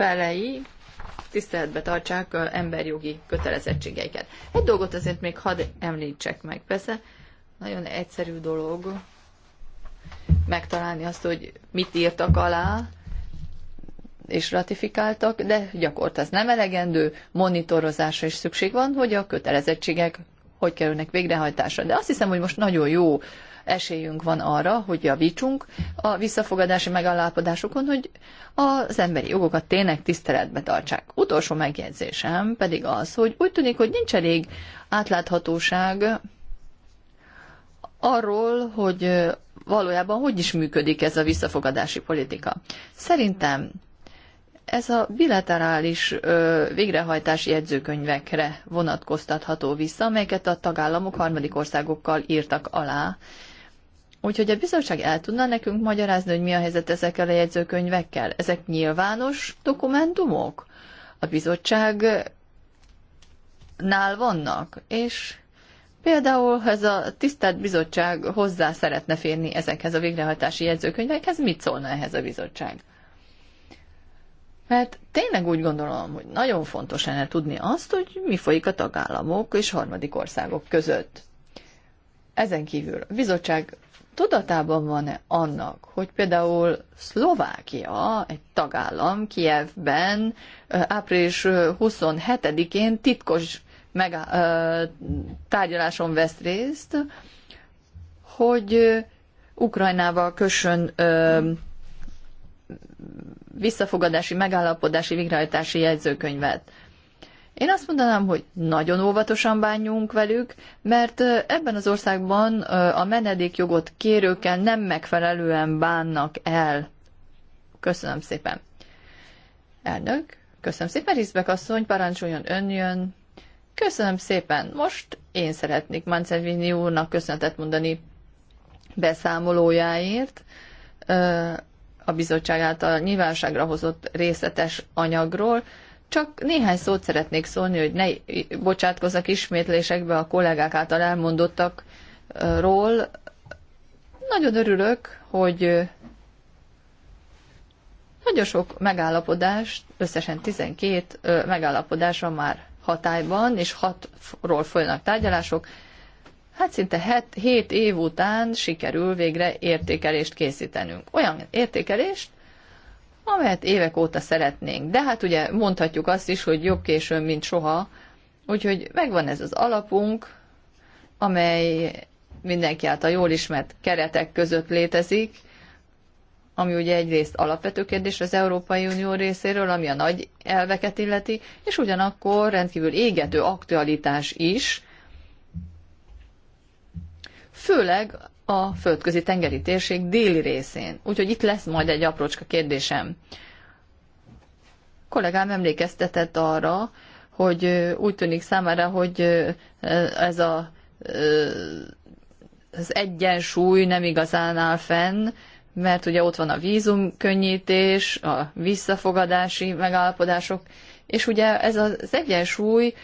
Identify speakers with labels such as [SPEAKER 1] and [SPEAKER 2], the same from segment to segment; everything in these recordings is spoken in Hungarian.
[SPEAKER 1] felei tiszteletbe tartsák emberjogi kötelezettségeiket. Egy dolgot azért még hadd említsek meg. Persze nagyon egyszerű dolog megtalálni azt, hogy mit írtak alá, és ratifikáltak, de gyakorlat ez nem elegendő, monitorozásra is szükség van, hogy a kötelezettségek hogy kerülnek végrehajtásra. De azt hiszem, hogy most nagyon jó esélyünk van arra, hogy javítsunk a visszafogadási megállapodásokon, hogy az emberi jogokat tényleg tiszteletbe tartsák. Utolsó megjegyzésem pedig az, hogy úgy tűnik, hogy nincs elég átláthatóság arról, hogy valójában hogy is működik ez a visszafogadási politika. Szerintem ez a bilaterális ö, végrehajtási jegyzőkönyvekre vonatkoztatható vissza, amelyeket a tagállamok harmadik országokkal írtak alá, Úgyhogy a bizottság el tudna nekünk magyarázni, hogy mi a helyzet ezekkel a jegyzőkönyvekkel? Ezek nyilvános dokumentumok? A bizottság nál vannak, és például, ha ez a tisztelt bizottság hozzá szeretne férni ezekhez a végrehajtási jegyzőkönyvekhez, mit szólna ehhez a bizottság? Mert tényleg úgy gondolom, hogy nagyon fontos lenne tudni azt, hogy mi folyik a tagállamok és harmadik országok között. Ezen kívül a bizottság tudatában van-e annak, hogy például Szlovákia, egy tagállam Kievben április 27-én titkos megá- tárgyaláson vesz részt, hogy Ukrajnával kössön visszafogadási, megállapodási, végrehajtási jegyzőkönyvet. Én azt mondanám, hogy nagyon óvatosan bánjunk velük, mert ebben az országban a menedékjogot kérőkkel nem megfelelően bánnak el. Köszönöm szépen. Elnök, köszönöm szépen, Rizbek asszony, parancsoljon jön. Köszönöm szépen. Most én szeretnék Mancevini úrnak köszönetet mondani beszámolójáért a bizottság által nyilvánosságra hozott részletes anyagról. Csak néhány szót szeretnék szólni, hogy ne bocsátkozzak ismétlésekbe a kollégák által elmondottakról. Nagyon örülök, hogy nagyon sok megállapodás, összesen 12 megállapodás van már hatályban, és 6-ról folynak tárgyalások. Hát szinte 7 év után sikerül végre értékelést készítenünk. Olyan értékelést, amelyet évek óta szeretnénk. De hát ugye mondhatjuk azt is, hogy jobb későn, mint soha. Úgyhogy megvan ez az alapunk, amely mindenki által jól ismert keretek között létezik, ami ugye egyrészt alapvető kérdés az Európai Unió részéről, ami a nagy elveket illeti, és ugyanakkor rendkívül égető aktualitás is, főleg a földközi tengeri térség déli részén. Úgyhogy itt lesz majd egy aprócska kérdésem. A kollégám emlékeztetett arra, hogy úgy tűnik számára, hogy ez a, az egyensúly nem igazán áll fenn, mert ugye ott van a vízumkönnyítés, a visszafogadási megállapodások, és ugye ez az egyensúly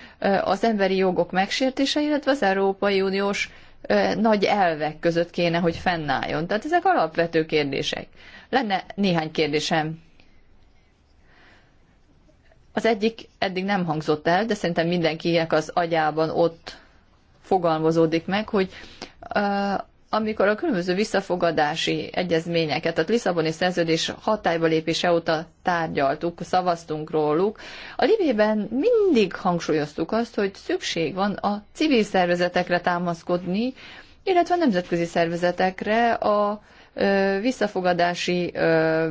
[SPEAKER 1] az emberi jogok megsértése, illetve az Európai Uniós nagy elvek között kéne, hogy fennálljon. Tehát ezek alapvető kérdések. Lenne néhány kérdésem. Az egyik eddig nem hangzott el, de szerintem mindenkinek az agyában ott fogalmazódik meg, hogy amikor a különböző visszafogadási egyezményeket, tehát Lisszaboni szerződés hatályba lépése óta tárgyaltuk, szavaztunk róluk, a Libében mindig hangsúlyoztuk azt, hogy szükség van a civil szervezetekre támaszkodni, illetve a nemzetközi szervezetekre a ö, visszafogadási ö,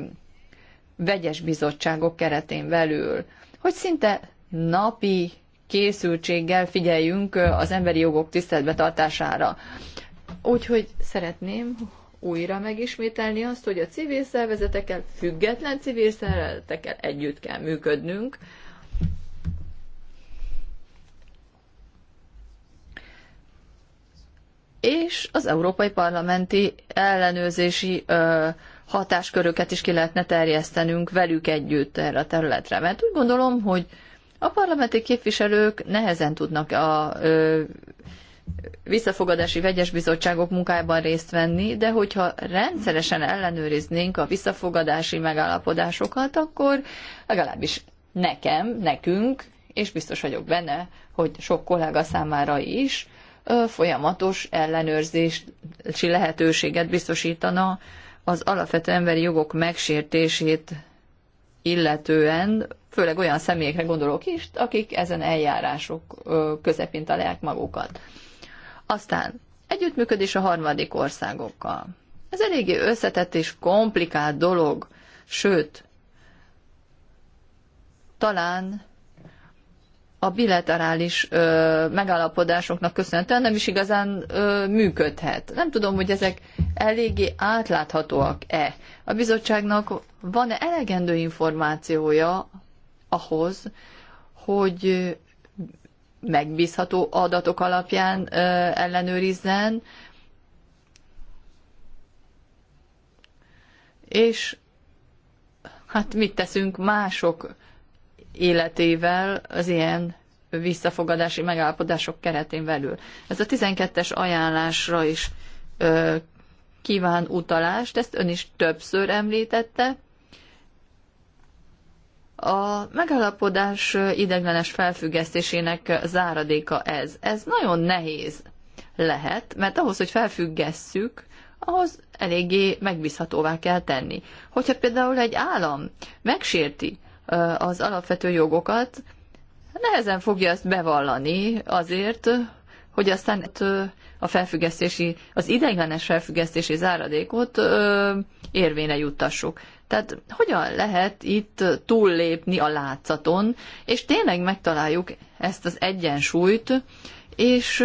[SPEAKER 1] vegyes bizottságok keretén belül, hogy szinte napi készültséggel figyeljünk az emberi jogok tartására. Úgyhogy szeretném újra megismételni azt, hogy a civil szervezetekkel, független civil szervezetekkel együtt kell működnünk. És az európai parlamenti ellenőrzési ö, hatásköröket is ki lehetne terjesztenünk velük együtt erre a területre. Mert úgy gondolom, hogy a parlamenti képviselők nehezen tudnak a ö, visszafogadási vegyes bizottságok munkájában részt venni, de hogyha rendszeresen ellenőriznénk a visszafogadási megállapodásokat, akkor legalábbis nekem, nekünk, és biztos vagyok benne, hogy sok kollega számára is folyamatos ellenőrzési lehetőséget biztosítana az alapvető emberi jogok megsértését illetően, főleg olyan személyekre gondolok is, akik ezen eljárások közepén találják magukat. Aztán együttműködés a harmadik országokkal. Ez eléggé összetett és komplikált dolog, sőt, talán a bilaterális ö, megállapodásoknak köszönhetően nem is igazán ö, működhet. Nem tudom, hogy ezek eléggé átláthatóak-e. A bizottságnak van-e elegendő információja ahhoz, hogy megbízható adatok alapján ellenőrizzen, és hát mit teszünk mások életével az ilyen visszafogadási megállapodások keretén belül. Ez a 12-es ajánlásra is ö, kíván utalást, ezt ön is többször említette, a megállapodás ideglenes felfüggesztésének záradéka ez. Ez nagyon nehéz lehet, mert ahhoz, hogy felfüggesszük, ahhoz eléggé megbízhatóvá kell tenni. Hogyha például egy állam megsérti az alapvető jogokat, nehezen fogja ezt bevallani azért, hogy aztán a felfüggesztési, az ideiglenes felfüggesztési záradékot érvényre juttassuk. Tehát hogyan lehet itt túllépni a látszaton, és tényleg megtaláljuk ezt az egyensúlyt, és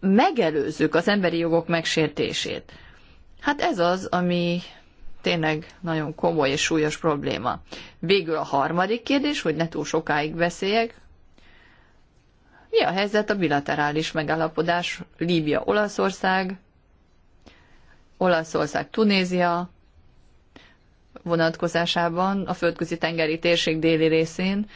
[SPEAKER 1] megelőzzük az emberi jogok megsértését. Hát ez az, ami tényleg nagyon komoly és súlyos probléma. Végül a harmadik kérdés, hogy ne túl sokáig beszéljek. Mi a helyzet a bilaterális megállapodás Líbia-Olaszország Olaszország, Tunézia vonatkozásában a földközi tengeri térség déli részén,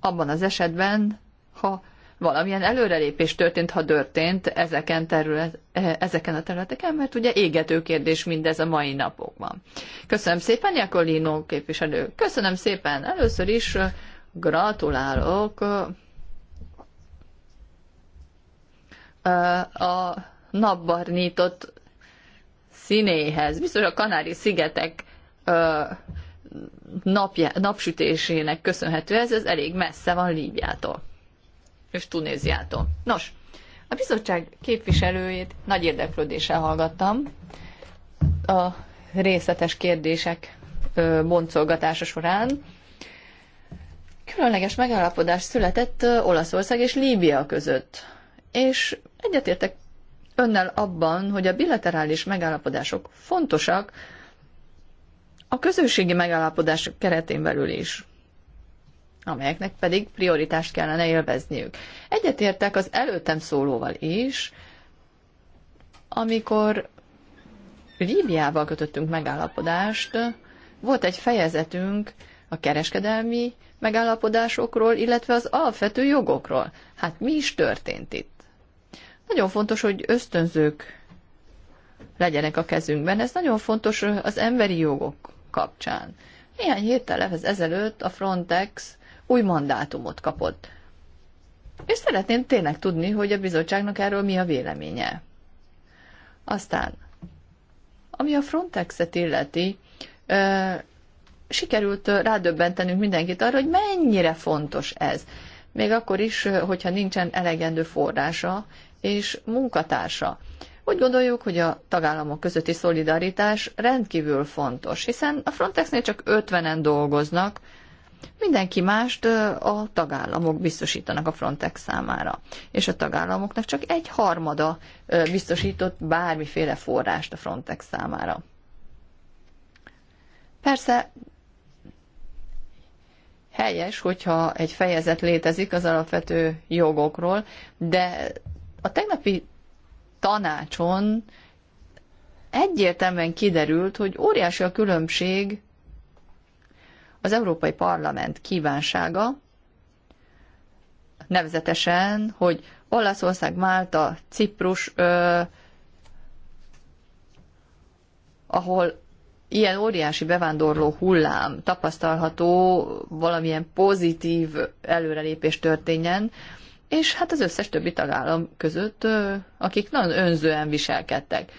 [SPEAKER 1] abban az esetben, ha valamilyen előrelépés történt, ha történt ezeken, terület, eh, ezeken a területeken, mert ugye égető kérdés mindez a mai napokban. Köszönöm szépen, Jakolino képviselő. Köszönöm szépen. Először is eh, gratulálok eh, a napbarnított színéhez. Biztos a Kanári-szigetek napja, napsütésének köszönhető ez, ez elég messze van Líbiától és Tunéziától. Nos, a bizottság képviselőjét nagy érdeklődéssel hallgattam a részletes kérdések boncolgatása során. Különleges megállapodás született Olaszország és Líbia között, és egyetértek önnel abban, hogy a bilaterális megállapodások fontosak a közösségi megállapodások keretén belül is amelyeknek pedig prioritást kellene élvezniük. Egyetértek az előttem szólóval is, amikor Líbiával kötöttünk megállapodást, volt egy fejezetünk a kereskedelmi megállapodásokról, illetve az alapvető jogokról. Hát mi is történt itt? Nagyon fontos, hogy ösztönzők legyenek a kezünkben. Ez nagyon fontos az emberi jogok kapcsán. Néhány héttel ezelőtt a Frontex új mandátumot kapott. És szeretném tényleg tudni, hogy a bizottságnak erről mi a véleménye. Aztán, ami a Frontexet illeti, ö, sikerült rádöbbentenünk mindenkit arra, hogy mennyire fontos ez. Még akkor is, hogyha nincsen elegendő forrása, és munkatársa. Úgy gondoljuk, hogy a tagállamok közötti szolidaritás rendkívül fontos, hiszen a Frontexnél csak 50-en dolgoznak, mindenki mást a tagállamok biztosítanak a Frontex számára. És a tagállamoknak csak egy harmada biztosított bármiféle forrást a Frontex számára. Persze helyes, hogyha egy fejezet létezik az alapvető jogokról, de a tegnapi tanácson egyértelműen kiderült, hogy óriási a különbség az Európai Parlament kívánsága, nevezetesen, hogy Olaszország, Málta, Ciprus, ö, ahol ilyen óriási bevándorló hullám tapasztalható, valamilyen pozitív előrelépés történjen, és hát az összes többi tagállam között, akik nagyon önzően viselkedtek.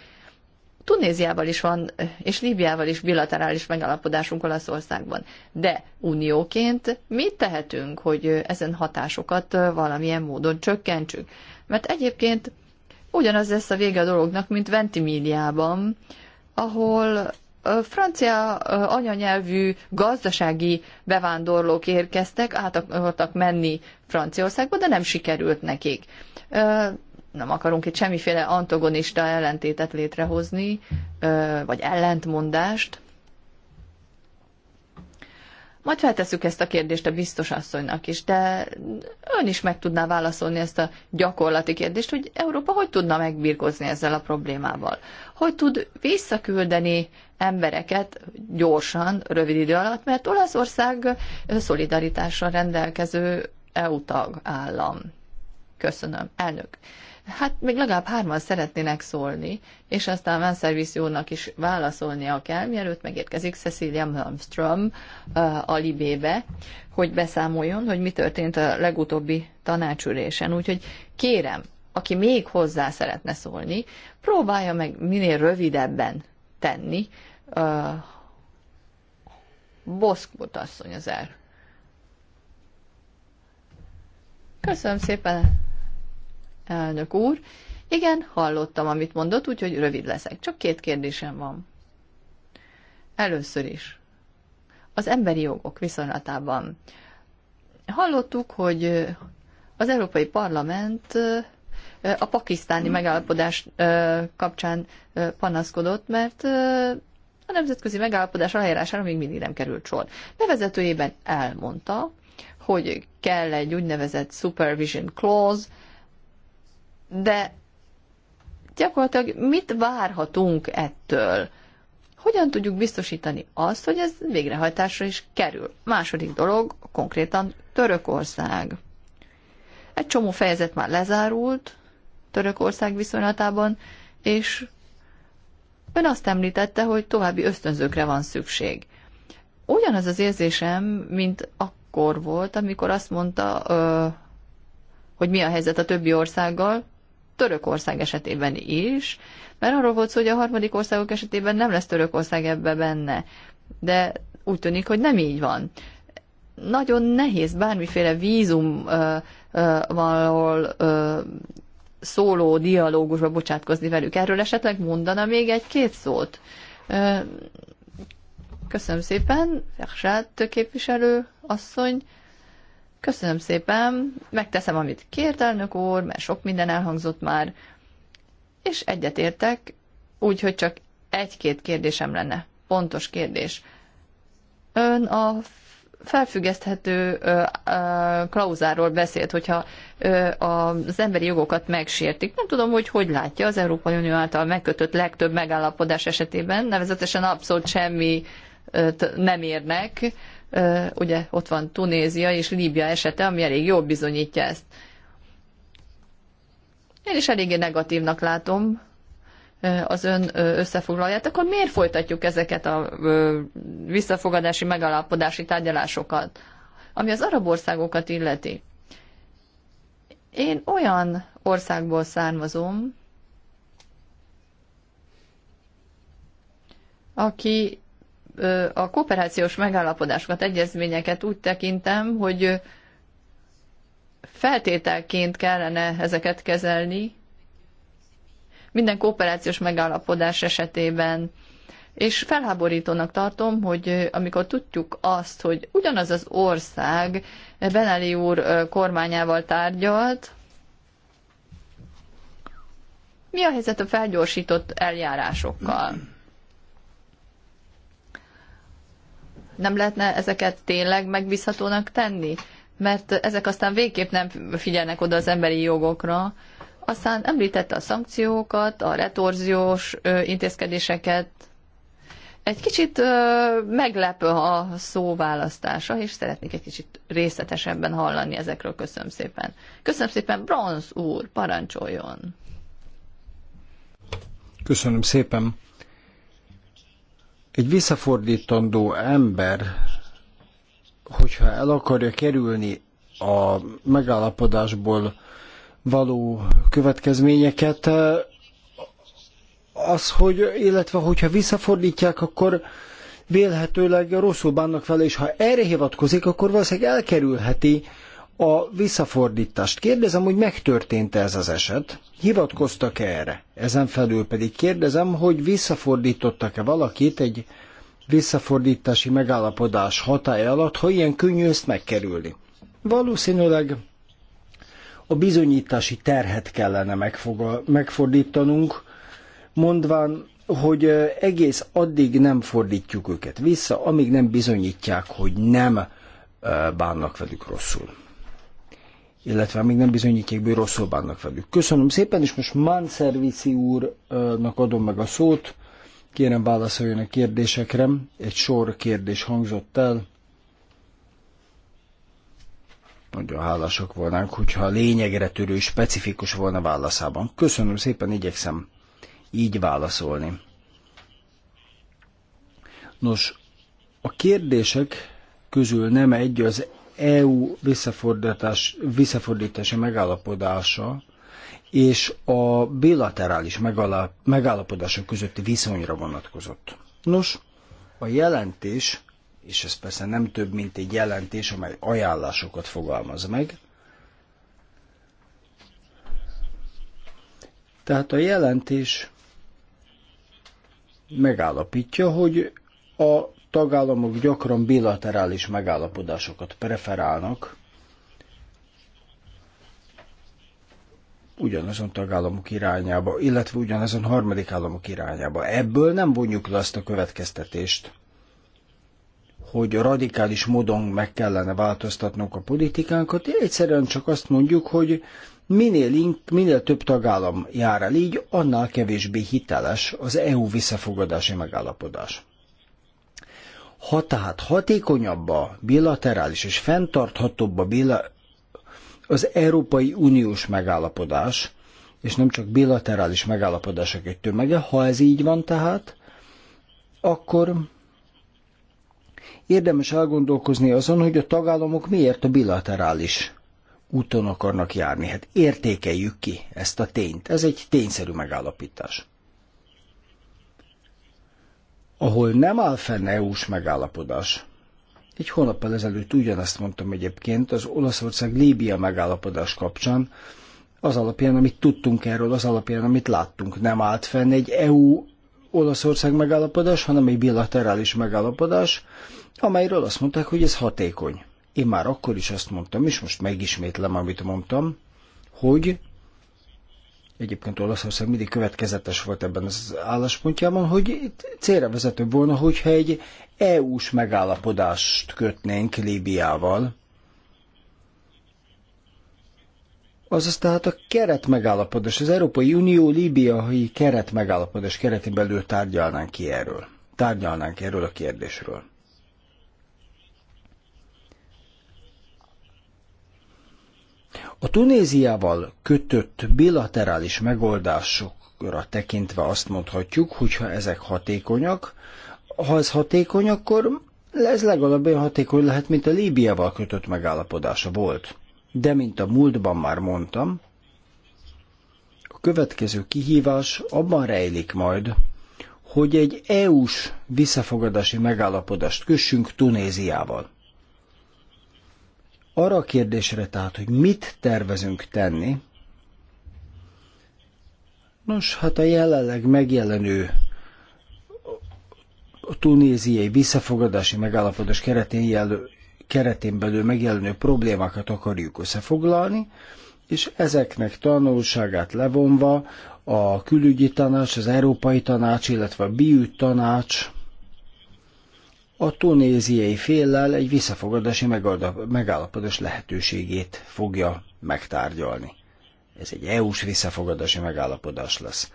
[SPEAKER 1] Tunéziával is van, és Líbiával is bilaterális megalapodásunk Olaszországban. De unióként mit tehetünk, hogy ezen hatásokat valamilyen módon csökkentsük? Mert egyébként ugyanaz lesz a vége a dolognak, mint Ventimíliában, ahol francia anyanyelvű gazdasági bevándorlók érkeztek, át akartak menni Franciaországba, de nem sikerült nekik. Nem akarunk itt semmiféle antagonista ellentétet létrehozni, vagy ellentmondást. Majd feltesszük ezt a kérdést a biztos asszonynak is, de ön is meg tudná válaszolni ezt a gyakorlati kérdést, hogy Európa hogy tudna megbírkozni ezzel a problémával hogy tud visszaküldeni embereket gyorsan, rövid idő alatt, mert Olaszország szolidaritással rendelkező EU tag állam. Köszönöm, elnök. Hát még legalább hárman szeretnének szólni, és aztán Van Serviciónak is válaszolnia kell, mielőtt megérkezik Cecilia Malmström eh, a Libébe, hogy beszámoljon, hogy mi történt a legutóbbi tanácsülésen. Úgyhogy kérem, aki még hozzá szeretne szólni, próbálja meg minél rövidebben tenni. boszkot asszony az el. Köszönöm szépen, elnök úr. Igen, hallottam, amit mondott, úgyhogy rövid leszek. Csak két kérdésem van. Először is. Az emberi jogok viszonylatában. Hallottuk, hogy az Európai Parlament a pakisztáni megállapodás kapcsán panaszkodott, mert a nemzetközi megállapodás aláírására még mindig nem került sor. Bevezetőjében elmondta, hogy kell egy úgynevezett supervision clause, de gyakorlatilag mit várhatunk ettől? Hogyan tudjuk biztosítani azt, hogy ez végrehajtásra is kerül? Második dolog, konkrétan Törökország. Egy csomó fejezet már lezárult, Törökország viszonylatában, és ön azt említette, hogy további ösztönzőkre van szükség. Ugyanaz az érzésem, mint akkor volt, amikor azt mondta, hogy mi a helyzet a többi országgal, Törökország esetében is, mert arról volt szó, hogy a harmadik országok esetében nem lesz Törökország ebbe benne. De úgy tűnik, hogy nem így van. Nagyon nehéz bármiféle vízum valahol szóló dialógusba bocsátkozni velük. Erről esetleg mondana még egy-két szót? Köszönöm szépen, Fersát képviselő asszony. Köszönöm szépen, megteszem, amit kért elnök úr, mert sok minden elhangzott már, és egyetértek, úgyhogy csak egy-két kérdésem lenne. Pontos kérdés. Ön a felfüggeszthető klauzáról beszélt, hogyha ö, az emberi jogokat megsértik. Nem tudom, hogy hogy látja az Európai Unió által megkötött legtöbb megállapodás esetében, nevezetesen abszolút semmi nem érnek. Ugye ott van Tunézia és Líbia esete, ami elég jól bizonyítja ezt. Én is eléggé negatívnak látom az ön összefoglalóját, akkor miért folytatjuk ezeket a visszafogadási megállapodási tárgyalásokat, ami az arab országokat illeti? Én olyan országból származom, aki a kooperációs megállapodásokat, egyezményeket úgy tekintem, hogy feltételként kellene ezeket kezelni, minden kooperációs megállapodás esetében. És felháborítónak tartom, hogy amikor tudjuk azt, hogy ugyanaz az ország Benali úr kormányával tárgyalt, mi a helyzet a felgyorsított eljárásokkal? Nem lehetne ezeket tényleg megbízhatónak tenni? Mert ezek aztán végképp nem figyelnek oda az emberi jogokra, aztán említette a szankciókat, a retorziós intézkedéseket. Egy kicsit meglepő a szóválasztása, és szeretnék egy kicsit részletesebben hallani ezekről. Köszönöm szépen. Köszönöm szépen, Bronz úr, parancsoljon.
[SPEAKER 2] Köszönöm szépen. Egy visszafordítandó ember, hogyha el akarja kerülni a megállapodásból való következményeket. Az, hogy, illetve hogyha visszafordítják, akkor vélhetőleg rosszul bánnak vele, és ha erre hivatkozik, akkor valószínűleg elkerülheti a visszafordítást. Kérdezem, hogy megtörtént -e ez az eset? Hivatkoztak-e erre? Ezen felül pedig kérdezem, hogy visszafordítottak-e valakit egy visszafordítási megállapodás hatája alatt, ha ilyen könnyű ezt megkerülni. Valószínűleg a bizonyítási terhet kellene megfordítanunk, mondván, hogy egész addig nem fordítjuk őket vissza, amíg nem bizonyítják, hogy nem bánnak velük rosszul. Illetve amíg nem bizonyítják, hogy rosszul bánnak velük. Köszönöm szépen, és most Manservici úrnak adom meg a szót. Kérem válaszoljon a kérdésekre. Egy sor kérdés hangzott el. Nagyon hálásak volnánk, hogyha a lényegre törő, specifikus volna válaszában. Köszönöm szépen, igyekszem így válaszolni. Nos, a kérdések közül nem egy az EU visszafordítás, visszafordítási megállapodása és a bilaterális megállapodások közötti viszonyra vonatkozott. Nos, a jelentés és ez persze nem több, mint egy jelentés, amely ajánlásokat fogalmaz meg. Tehát a jelentés megállapítja, hogy a tagállamok gyakran bilaterális megállapodásokat preferálnak, ugyanazon tagállamok irányába, illetve ugyanazon harmadik államok irányába. Ebből nem vonjuk le azt a következtetést, hogy radikális módon meg kellene változtatnunk a politikánkat, egyszerűen csak azt mondjuk, hogy minél, ink, minél több tagállam jár el így, annál kevésbé hiteles az EU visszafogadási megállapodás. Ha tehát hatékonyabb a bilaterális és fenntarthatóbb a bila, az Európai Uniós megállapodás, és nem csak bilaterális megállapodások egy tömege, ha ez így van tehát, akkor Érdemes elgondolkozni azon, hogy a tagállamok miért a bilaterális úton akarnak járni. Hát értékeljük ki ezt a tényt. Ez egy tényszerű megállapítás. Ahol nem áll fenn EU-s megállapodás, egy hónappal ezelőtt ugyanezt mondtam egyébként az Olaszország-Líbia megállapodás kapcsán, az alapján, amit tudtunk erről, az alapján, amit láttunk, nem állt fenn egy EU-Olaszország megállapodás, hanem egy bilaterális megállapodás, amelyről azt mondták, hogy ez hatékony. Én már akkor is azt mondtam, és most megismétlem, amit mondtam, hogy egyébként Olaszország mindig következetes volt ebben az álláspontjában, hogy célra vezető volna, hogyha egy EU-s megállapodást kötnénk Líbiával. Azaz tehát a keret megállapodás, az Európai Unió Líbiai keret megállapodás keretén belül tárgyalnánk ki erről. Tárgyalnánk erről a kérdésről. A Tunéziával kötött bilaterális megoldásokra tekintve azt mondhatjuk, hogy ha ezek hatékonyak, ha ez hatékony, akkor ez legalább olyan hatékony lehet, mint a Líbiával kötött megállapodása volt. De mint a múltban már mondtam, a következő kihívás abban rejlik majd, hogy egy EU-s visszafogadási megállapodást kössünk Tunéziával. Arra a kérdésre tehát, hogy mit tervezünk tenni, nos, hát a jelenleg megjelenő a tunéziai visszafogadási megállapodás keretén, jelő, keretén belül megjelenő problémákat akarjuk összefoglalni, és ezeknek tanulságát levonva a külügyi tanács, az Európai Tanács, illetve a BIÜ tanács a tunéziai féllel egy visszafogadási megállapodás lehetőségét fogja megtárgyalni. Ez egy EU-s visszafogadási megállapodás lesz.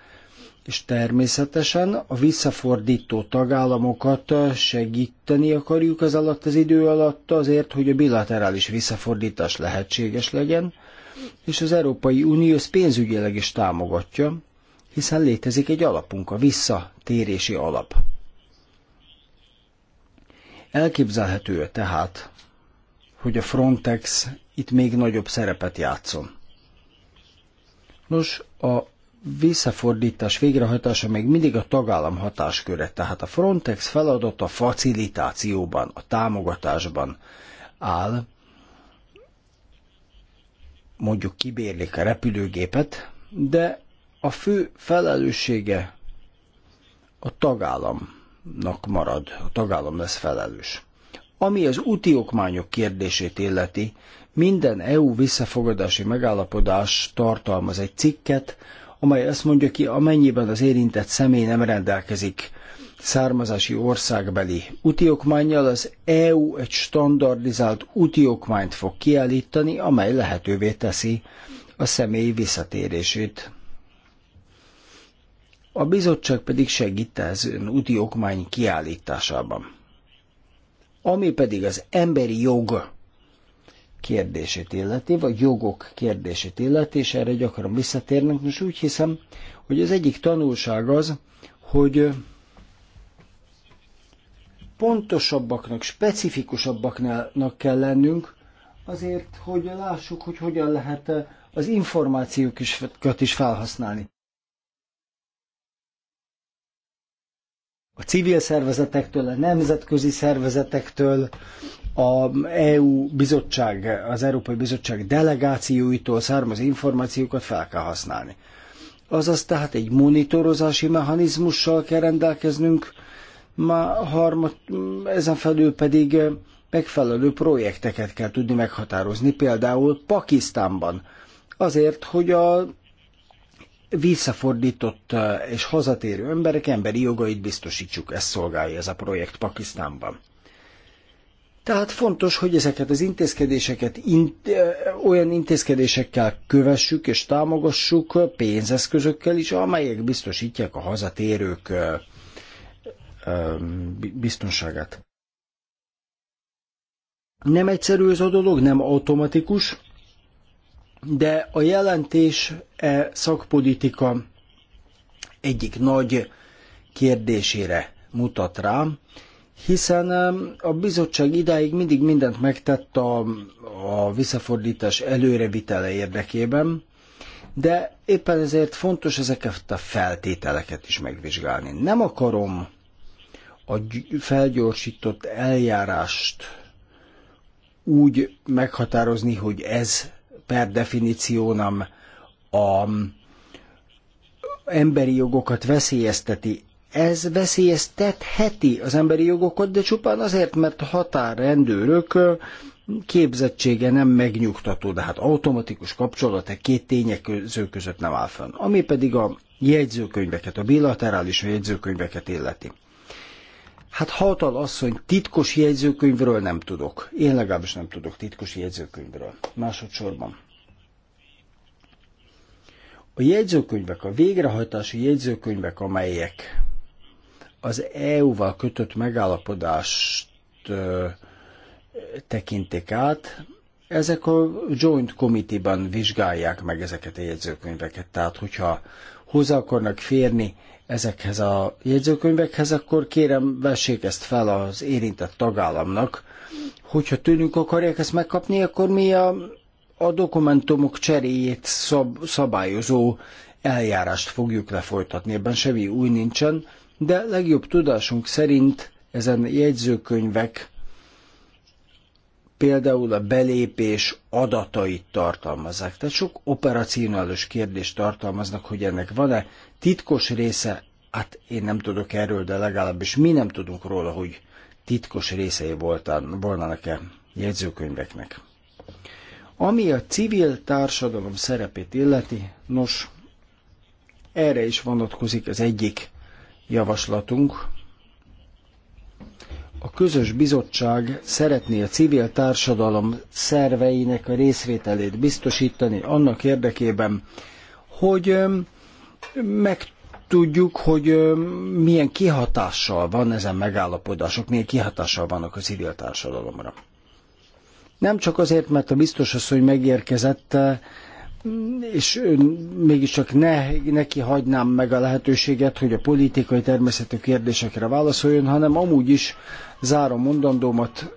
[SPEAKER 2] És természetesen a visszafordító tagállamokat segíteni akarjuk ez alatt az idő alatt azért, hogy a bilaterális visszafordítás lehetséges legyen, és az Európai Unió ezt pénzügyileg is támogatja, hiszen létezik egy alapunk, a visszatérési alap elképzelhető -e tehát, hogy a Frontex itt még nagyobb szerepet játszon? Nos, a visszafordítás végrehajtása még mindig a tagállam hatásköre, tehát a Frontex feladat a facilitációban, a támogatásban áll. Mondjuk kibérlik a repülőgépet, de a fő felelőssége a tagállam tagállamnak marad, a tagállam lesz felelős. Ami az úti okmányok kérdését illeti, minden EU visszafogadási megállapodás tartalmaz egy cikket, amely azt mondja ki, amennyiben az érintett személy nem rendelkezik származási országbeli úti az EU egy standardizált úti okmányt fog kiállítani, amely lehetővé teszi a személy visszatérését a bizottság pedig segít az úti okmány kiállításában. Ami pedig az emberi jog kérdését illeti, vagy jogok kérdését illeti, és erre gyakran visszatérnek, most úgy hiszem, hogy az egyik tanulság az, hogy pontosabbaknak, specifikusabbaknak kell lennünk, azért, hogy lássuk, hogy hogyan lehet az információkat is felhasználni. a civil szervezetektől, a nemzetközi szervezetektől, a EU bizottság, az Európai Bizottság delegációitól származó információkat fel kell használni. Azaz tehát egy monitorozási mechanizmussal kell rendelkeznünk, Ma harmad, ezen felül pedig megfelelő projekteket kell tudni meghatározni, például Pakisztánban, azért, hogy a visszafordított és hazatérő emberek emberi jogait biztosítsuk, ezt szolgálja ez a projekt Pakisztánban. Tehát fontos, hogy ezeket az intézkedéseket olyan intézkedésekkel kövessük és támogassuk pénzeszközökkel is, amelyek biztosítják a hazatérők biztonságát. Nem egyszerű ez a dolog, nem automatikus, de a jelentés e szakpolitika egyik nagy kérdésére mutat rá, hiszen a bizottság idáig mindig mindent megtett a, a visszafordítás előrevitele érdekében, de éppen ezért fontos ezeket a feltételeket is megvizsgálni. Nem akarom a felgyorsított eljárást úgy meghatározni, hogy ez per definíciónam a emberi jogokat veszélyezteti. Ez veszélyeztetheti az emberi jogokat, de csupán azért, mert a határrendőrök képzettsége nem megnyugtató, de hát automatikus kapcsolat a e két tényező között nem áll fenn. Ami pedig a jegyzőkönyveket, a bilaterális jegyzőkönyveket illeti. Hát hatal asszony, titkos jegyzőkönyvről nem tudok. Én legalábbis nem tudok titkos jegyzőkönyvről. Másodszorban. A jegyzőkönyvek, a végrehajtási jegyzőkönyvek, amelyek az EU-val kötött megállapodást ö, tekintik át, ezek a Joint Committee-ban vizsgálják meg ezeket a jegyzőkönyveket. Tehát, hogyha hozzá akarnak férni ezekhez a jegyzőkönyvekhez, akkor kérem, vessék ezt fel az érintett tagállamnak. Hogyha tőlünk akarják ezt megkapni, akkor mi a, a dokumentumok cseréjét szab, szabályozó eljárást fogjuk lefolytatni. Ebben semmi új nincsen, de legjobb tudásunk szerint ezen jegyzőkönyvek például a belépés adatait tartalmazzák. Tehát sok operacionális kérdést tartalmaznak, hogy ennek van-e titkos része, hát én nem tudok erről, de legalábbis mi nem tudunk róla, hogy titkos részei voltán, volna neke jegyzőkönyveknek. Ami a civil társadalom szerepét illeti, nos, erre is vonatkozik az egyik javaslatunk. A közös bizottság szeretné a civil társadalom szerveinek a részvételét biztosítani annak érdekében, hogy meg tudjuk, hogy milyen kihatással van ezen megállapodások, milyen kihatással vannak a civil társadalomra. Nem csak azért, mert a biztos az, hogy megérkezett, és mégiscsak ne, neki hagynám meg a lehetőséget, hogy a politikai természetű kérdésekre válaszoljon, hanem amúgy is zárom mondandómat,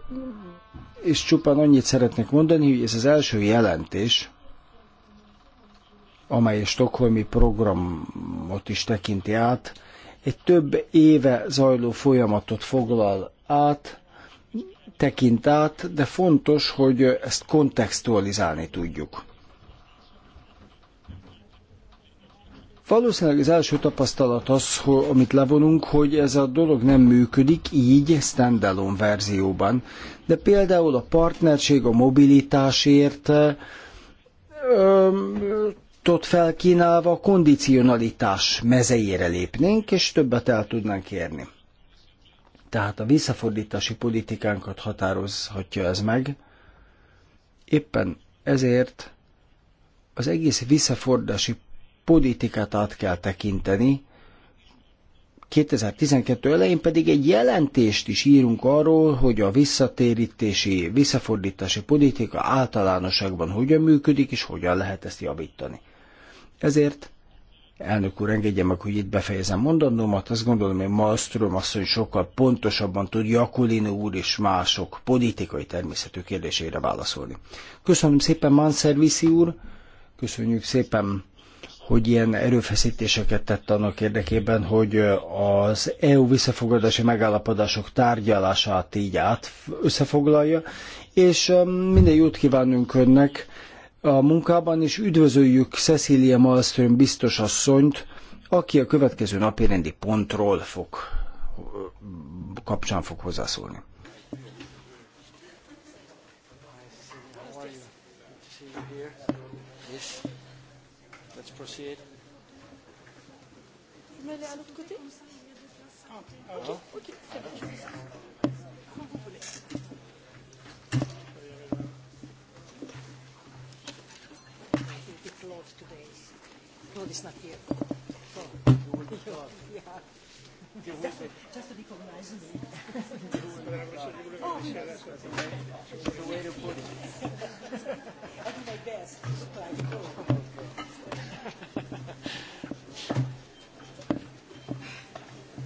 [SPEAKER 2] és csupán annyit szeretnék mondani, hogy ez az első jelentés, amely a stokholmi programot is tekinti át, egy több éve zajló folyamatot foglal át, tekint át, de fontos, hogy ezt kontextualizálni tudjuk. Valószínűleg az első tapasztalat az, amit levonunk, hogy ez a dolog nem működik így standalone verzióban. De például a partnerség a mobilitásért piacot felkínálva a kondicionalitás mezeire lépnénk, és többet el tudnánk érni. Tehát a visszafordítási politikánkat határozhatja ez meg. Éppen ezért az egész visszafordítási politikát át kell tekinteni, 2012 elején pedig egy jelentést is írunk arról, hogy a visszatérítési, visszafordítási politika általánosságban hogyan működik, és hogyan lehet ezt javítani. Ezért, elnök úr, engedje meg, hogy itt befejezem mondandómat. Azt gondolom, hogy Malmström asszony sokkal pontosabban tud Jakulino úr és mások politikai természetű kérdésére válaszolni. Köszönöm szépen, Manszerviszi úr. Köszönjük szépen hogy ilyen erőfeszítéseket tett annak érdekében, hogy az EU visszafogadási megállapodások tárgyalását így át összefoglalja, és um, minden jót kívánunk önnek, a munkában, és üdvözöljük Cecilia Malmström biztos asszonyt, aki a következő napi rendi pontról fog, kapcsán fog hozzászólni. proceed. he's not here. So, yeah. Just, just recognize me. oh, yes. That's a way to put it. I do my best.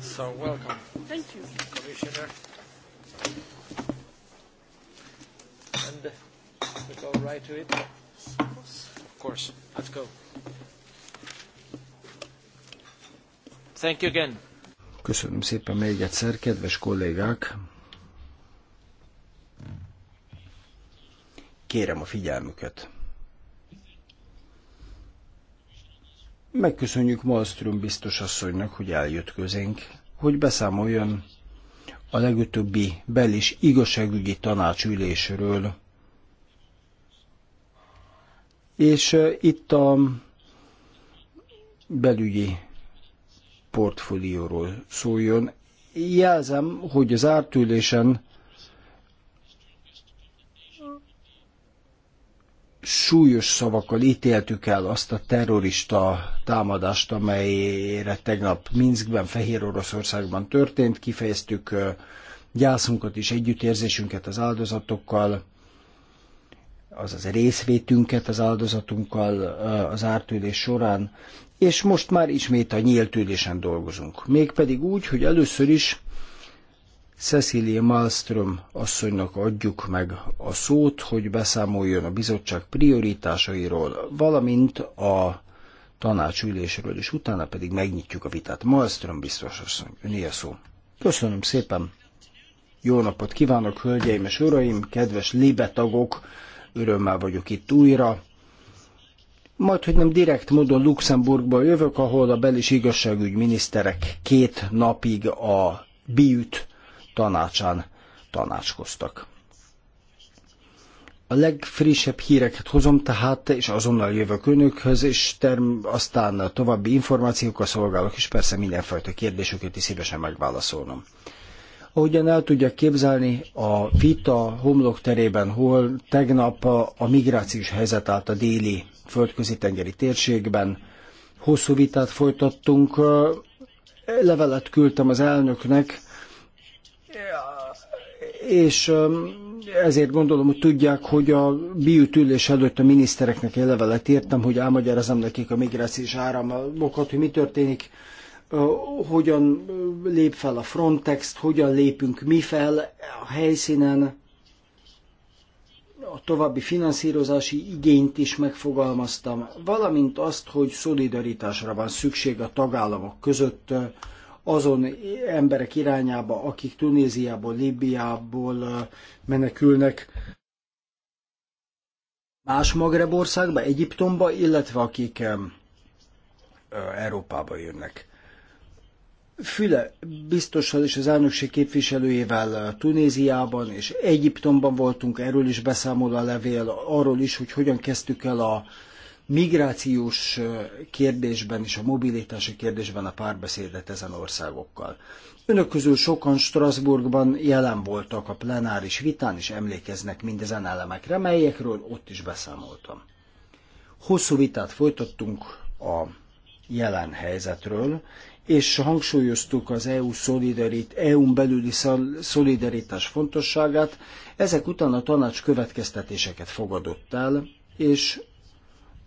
[SPEAKER 2] So, welcome. Thank you. Commissioner. And we go right to it. Of course. Let's go. Thank you again. Köszönöm szépen még egyszer, kedves kollégák! Kérem a figyelmüket! Megköszönjük Malmström biztos asszonynak, hogy eljött közénk, hogy beszámoljon a legutóbbi bel- és igazságügyi tanácsülésről. És eh, itt a belügyi portfólióról szóljon. Jelzem, hogy az ártülésen súlyos szavakkal ítéltük el azt a terrorista támadást, amelyre tegnap Minskben, Fehér Oroszországban történt. Kifejeztük gyászunkat és együttérzésünket az áldozatokkal azaz részvétünket az áldozatunkkal eh, az ártődés során, és most már ismét a nyílt ülésen dolgozunk. Mégpedig úgy, hogy először is Cecilia Malmström asszonynak adjuk meg a szót, hogy beszámoljon a bizottság prioritásairól, valamint a tanácsülésről, és utána pedig megnyitjuk a vitát. Malmström biztos asszony, öné a szó. Köszönöm szépen! Jó napot kívánok, hölgyeim és uraim, kedves libetagok! Örömmel vagyok itt újra. Majd, hogy nem direkt módon Luxemburgba jövök, ahol a belis igazságügy miniszterek két napig a BIÜT tanácsán tanácskoztak. A legfrissebb híreket hozom tehát, és azonnal jövök önökhöz, és term, aztán további információkkal szolgálok, és persze mindenfajta kérdésüket is szívesen megválaszolom. Ahogyan el tudja képzelni, a vita homlok terében, hol tegnap a, migrációs helyzet állt a déli földközi tengeri térségben, hosszú vitát folytattunk, levelet küldtem az elnöknek, és um, ezért gondolom, hogy tudják, hogy a biút ülés előtt a minisztereknek egy levelet írtam, hogy elmagyarázom nekik a migrációs áramokat, hogy mi történik hogyan lép fel a Frontex, hogyan lépünk mi fel a helyszínen, a további finanszírozási igényt is megfogalmaztam, valamint azt, hogy szolidaritásra van szükség a tagállamok között azon emberek irányába, akik Tunéziából, Líbiából menekülnek más Magreb országba, Egyiptomba, illetve akik Európába jönnek. Füle biztossal és az elnökség képviselőjével eh, Tunéziában és Egyiptomban voltunk, erről is beszámol a levél, arról is, hogy hogyan kezdtük el a migrációs eh, kérdésben és a mobilitási kérdésben a párbeszédet ezen országokkal. Önök közül sokan Strasbourgban jelen voltak a plenáris vitán, és emlékeznek mindezen elemekre, melyekről ott is beszámoltam. Hosszú vitát folytattunk a jelen helyzetről, és hangsúlyoztuk az EU szolidarit, EU-n belüli szolidaritás fontosságát. Ezek után a tanács következtetéseket fogadott el, és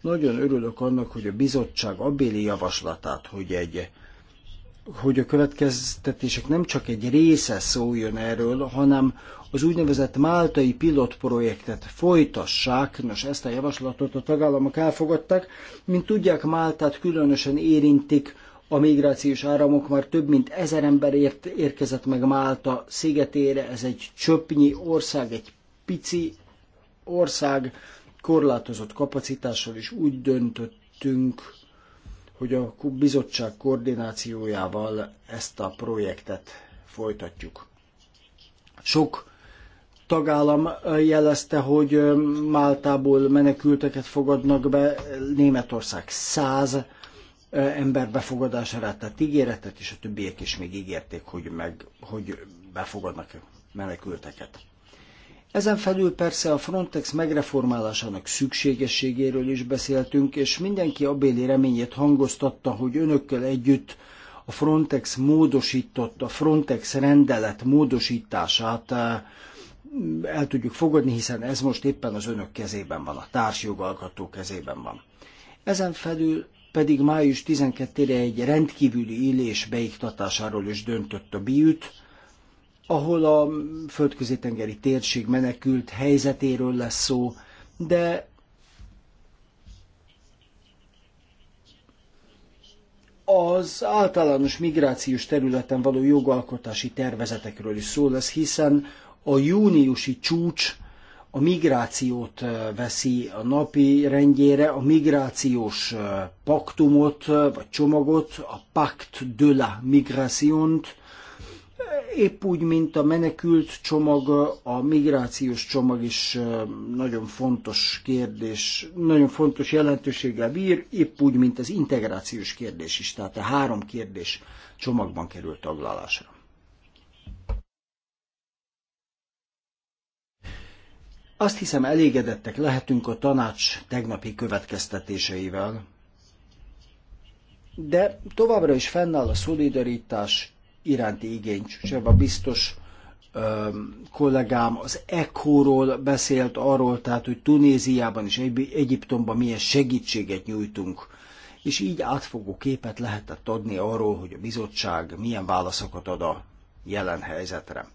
[SPEAKER 2] nagyon örülök annak, hogy a bizottság abéli javaslatát, hogy egy hogy a következtetések nem csak egy része szóljon erről, hanem az úgynevezett máltai pilotprojektet folytassák, nos ezt a javaslatot a tagállamok elfogadták, mint tudják Máltát különösen érintik a migrációs áramok már több mint ezer ember ért, érkezett meg Málta szigetére, ez egy csöpnyi ország, egy pici ország, korlátozott kapacitással is úgy döntöttünk, hogy a bizottság koordinációjával ezt a projektet folytatjuk. Sok tagállam jelezte, hogy Máltából menekülteket fogadnak be, Németország száz emberbefogadására tett ígéretet, és a többiek is még ígérték, hogy, meg, hogy befogadnak menekülteket. Ezen felül persze a Frontex megreformálásának szükségességéről is beszéltünk, és mindenki abéli reményét hangoztatta, hogy önökkel együtt a Frontex módosított, a Frontex rendelet módosítását el tudjuk fogadni, hiszen ez most éppen az önök kezében van, a társjogalkató kezében van. Ezen felül pedig május 12-re egy rendkívüli ülés beiktatásáról is döntött a BIÜT, ahol a földközi-tengeri térség menekült helyzetéről lesz szó, de az általános migrációs területen való jogalkotási tervezetekről is szó lesz, hiszen a júniusi csúcs a migrációt veszi a napi rendjére, a migrációs paktumot, vagy csomagot, a Pact de la Migrationt, épp úgy, mint a menekült csomag, a migrációs csomag is nagyon fontos kérdés, nagyon fontos jelentőséggel bír, épp úgy, mint az integrációs kérdés is, tehát a három kérdés csomagban került taglalásra. Azt hiszem elégedettek lehetünk a tanács tegnapi következtetéseivel, de továbbra is fennáll a szolidaritás iránti igény. Cseva biztos ö, kollégám az ECHO-ról beszélt arról, tehát, hogy Tunéziában és Egyiptomban milyen segítséget nyújtunk, és így átfogó képet lehetett adni arról, hogy a bizottság milyen válaszokat ad a jelen helyzetre.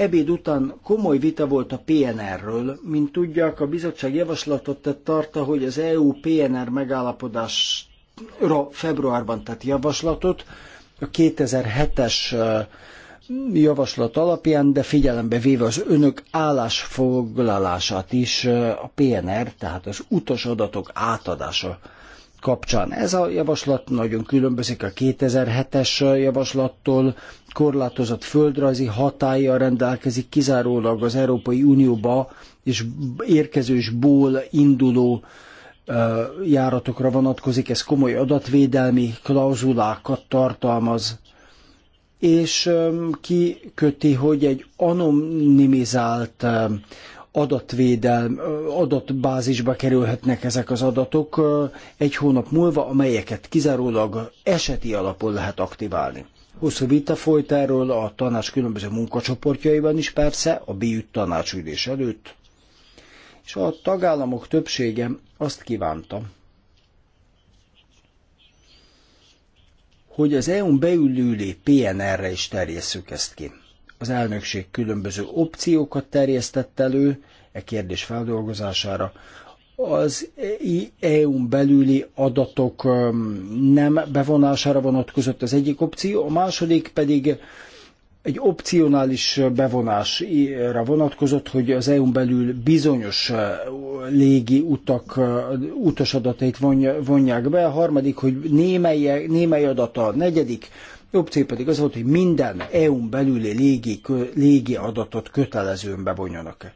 [SPEAKER 2] Ebéd után komoly vita volt a PNR-ről. Mint tudják, a bizottság javaslatot tett tartta, hogy az EU-PNR megállapodásra februárban tett javaslatot, a 2007-es javaslat alapján, de figyelembe véve az önök állásfoglalását is a PNR, tehát az utas adatok átadása kapcsán. Ez a javaslat nagyon különbözik a 2007-es javaslattól, korlátozott földrajzi hatája rendelkezik kizárólag az Európai Unióba és ból induló járatokra vonatkozik, ez komoly adatvédelmi klauzulákat tartalmaz, és kiköti, hogy egy anonimizált adatvédelm, adatbázisba kerülhetnek ezek az adatok egy hónap múlva, amelyeket kizárólag eseti alapon lehet aktiválni. Hosszú vita folyt erről a tanács különböző munkacsoportjaiban is persze, a BÜ tanácsülés előtt, és a tagállamok többsége azt kívánta, hogy az EU-n beülőlé PNR-re is terjesszük ezt ki. Az elnökség különböző opciókat terjesztett elő e kérdés feldolgozására, az EU-n e belüli adatok nem bevonására vonatkozott az egyik opció, a második pedig egy opcionális bevonásra vonatkozott, hogy az EU-n belül bizonyos légi utak utasadatait vonják be, a harmadik, hogy némely, némely adata, a negyedik opció pedig az volt, hogy minden EU-n belüli légi, légi adatot kötelezően bevonjanak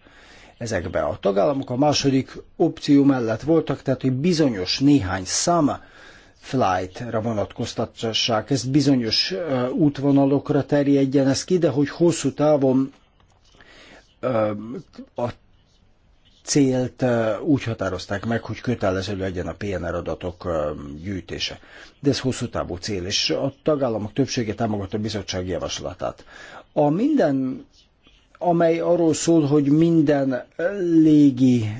[SPEAKER 2] ezekbe. A tagállamok a második opció mellett voltak, tehát hogy bizonyos néhány szám flight-ra vonatkoztatsassák, ezt bizonyos uh, útvonalokra terjedjen ez ki, de hogy hosszú távon uh, a célt uh, úgy határozták meg, hogy kötelező legyen a PNR adatok gyűjtése. De ez hosszú távú cél, és a tagállamok többsége támogatta a bizottság javaslatát. A minden amely arról szól, hogy minden légi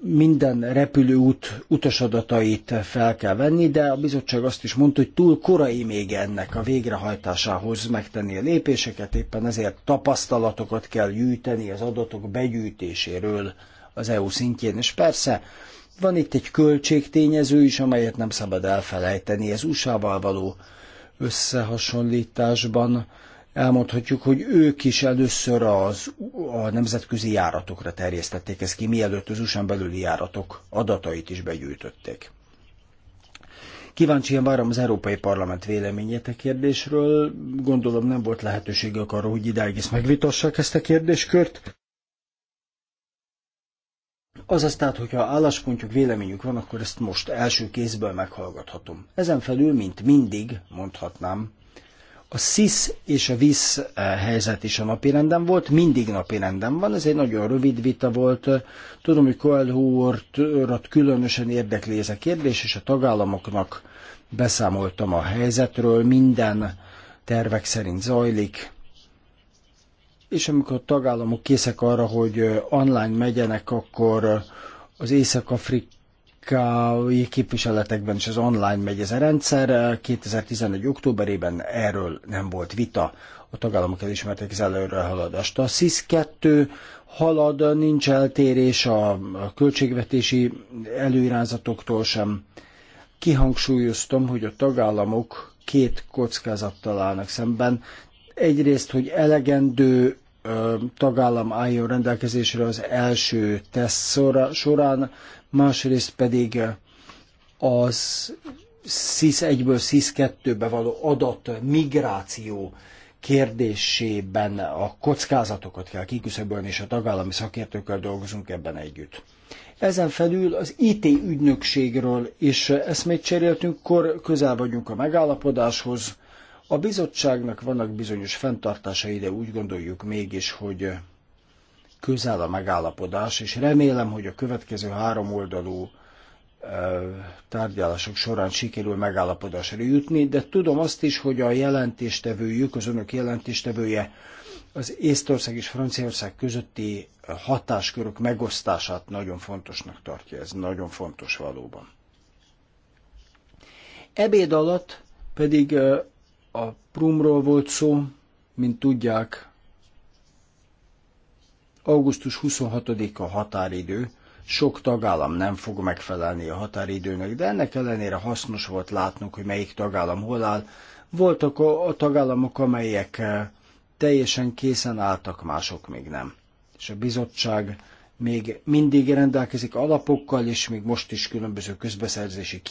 [SPEAKER 2] minden repülőút utasadatait fel kell venni, de a bizottság azt is mondta, hogy túl korai még ennek a végrehajtásához megtenni a lépéseket, éppen ezért tapasztalatokat kell gyűjteni az adatok begyűjtéséről az EU szintjén. És persze van itt egy költségtényező is, amelyet nem szabad elfelejteni. Ez USA-val való összehasonlításban elmondhatjuk, hogy ők is először az, a nemzetközi járatokra terjesztették ezt ki, mielőtt az usa belüli járatok adatait is begyűjtötték. Kíváncsian várom az Európai Parlament véleményét a kérdésről. Gondolom nem volt lehetőségük arra, hogy idáig is megvitassák ezt a kérdéskört. Az tehát, hogyha álláspontjuk, véleményük van, akkor ezt most első kézből meghallgathatom. Ezen felül, mint mindig, mondhatnám, a SIS és a VISZ eh, helyzet is a napirenden volt, mindig napirenden van, ez egy nagyon rövid vita volt. Tudom, hogy Coelho úrat különösen érdekli ez a kérdés, és a tagállamoknak beszámoltam a helyzetről, minden tervek szerint zajlik, és amikor a tagállamok készek arra, hogy eh, online megyenek, akkor eh, az észak afrik KKI képviseletekben és az online megy ez a rendszer. 2011. októberében erről nem volt vita. A tagállamok elismertek az előre haladást. A SZISZ 2 halad, nincs eltérés a költségvetési előirányzatoktól sem. Kihangsúlyoztam, hogy a tagállamok két kockázattal állnak szemben. Egyrészt, hogy elegendő tagállam álljon rendelkezésre az első teszt során, másrészt pedig eh, az SZISZ 1-ből SZISZ 2-be való adat migráció kérdésében a kockázatokat kell kiküszöbölni, és a tagállami szakértőkkel dolgozunk ebben együtt. Ezen felül az IT ügynökségről is eszmét cseréltünk, kor közel vagyunk a megállapodáshoz. A bizottságnak vannak bizonyos fenntartásai, de úgy gondoljuk mégis, hogy közel a megállapodás, és remélem, hogy a következő három oldalú tárgyalások során sikerül megállapodásra jutni, de tudom azt is, hogy a jelentéstevőjük, az önök jelentéstevője az Észtország és Franciaország közötti hatáskörök megosztását nagyon fontosnak tartja. Ez nagyon fontos valóban. Ebéd alatt pedig a Prumról volt szó, mint tudják, Augusztus 26-a határidő, sok tagállam nem fog megfelelni a határidőnek, de ennek ellenére hasznos volt látnunk, hogy melyik tagállam hol áll. Voltak a, a tagállamok, amelyek eh, teljesen készen álltak, mások még nem. És a bizottság még mindig rendelkezik alapokkal, és még most is különböző közbeszerzési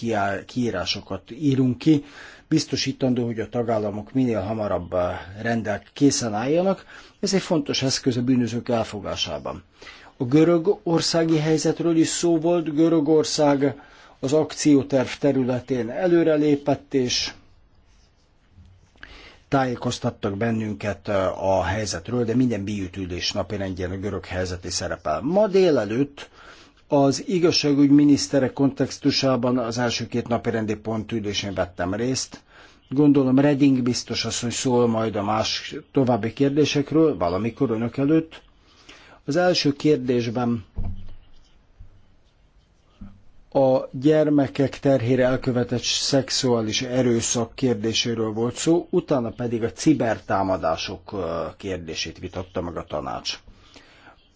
[SPEAKER 2] kiírásokat írunk ki, biztosítandó, hogy a tagállamok minél hamarabb eh, rendel készen álljanak. Ez egy fontos eszköz a bűnözők elfogásában. A görög országi helyzetről is szó volt, Görögország az akcióterv területén előrelépett, és tájékoztattak bennünket a helyzetről, de minden biütülés napirendjén a görög helyzeti szerepel. Ma délelőtt az igazságügy minisztere kontextusában az első két napirendi pont ülésén vettem részt. Gondolom Reding biztos asszony szól majd a más további kérdésekről valamikor önök előtt. Az első kérdésben a gyermekek terhére elkövetett szexuális erőszak kérdéséről volt szó, utána pedig a cibertámadások kérdését vitatta meg a tanács.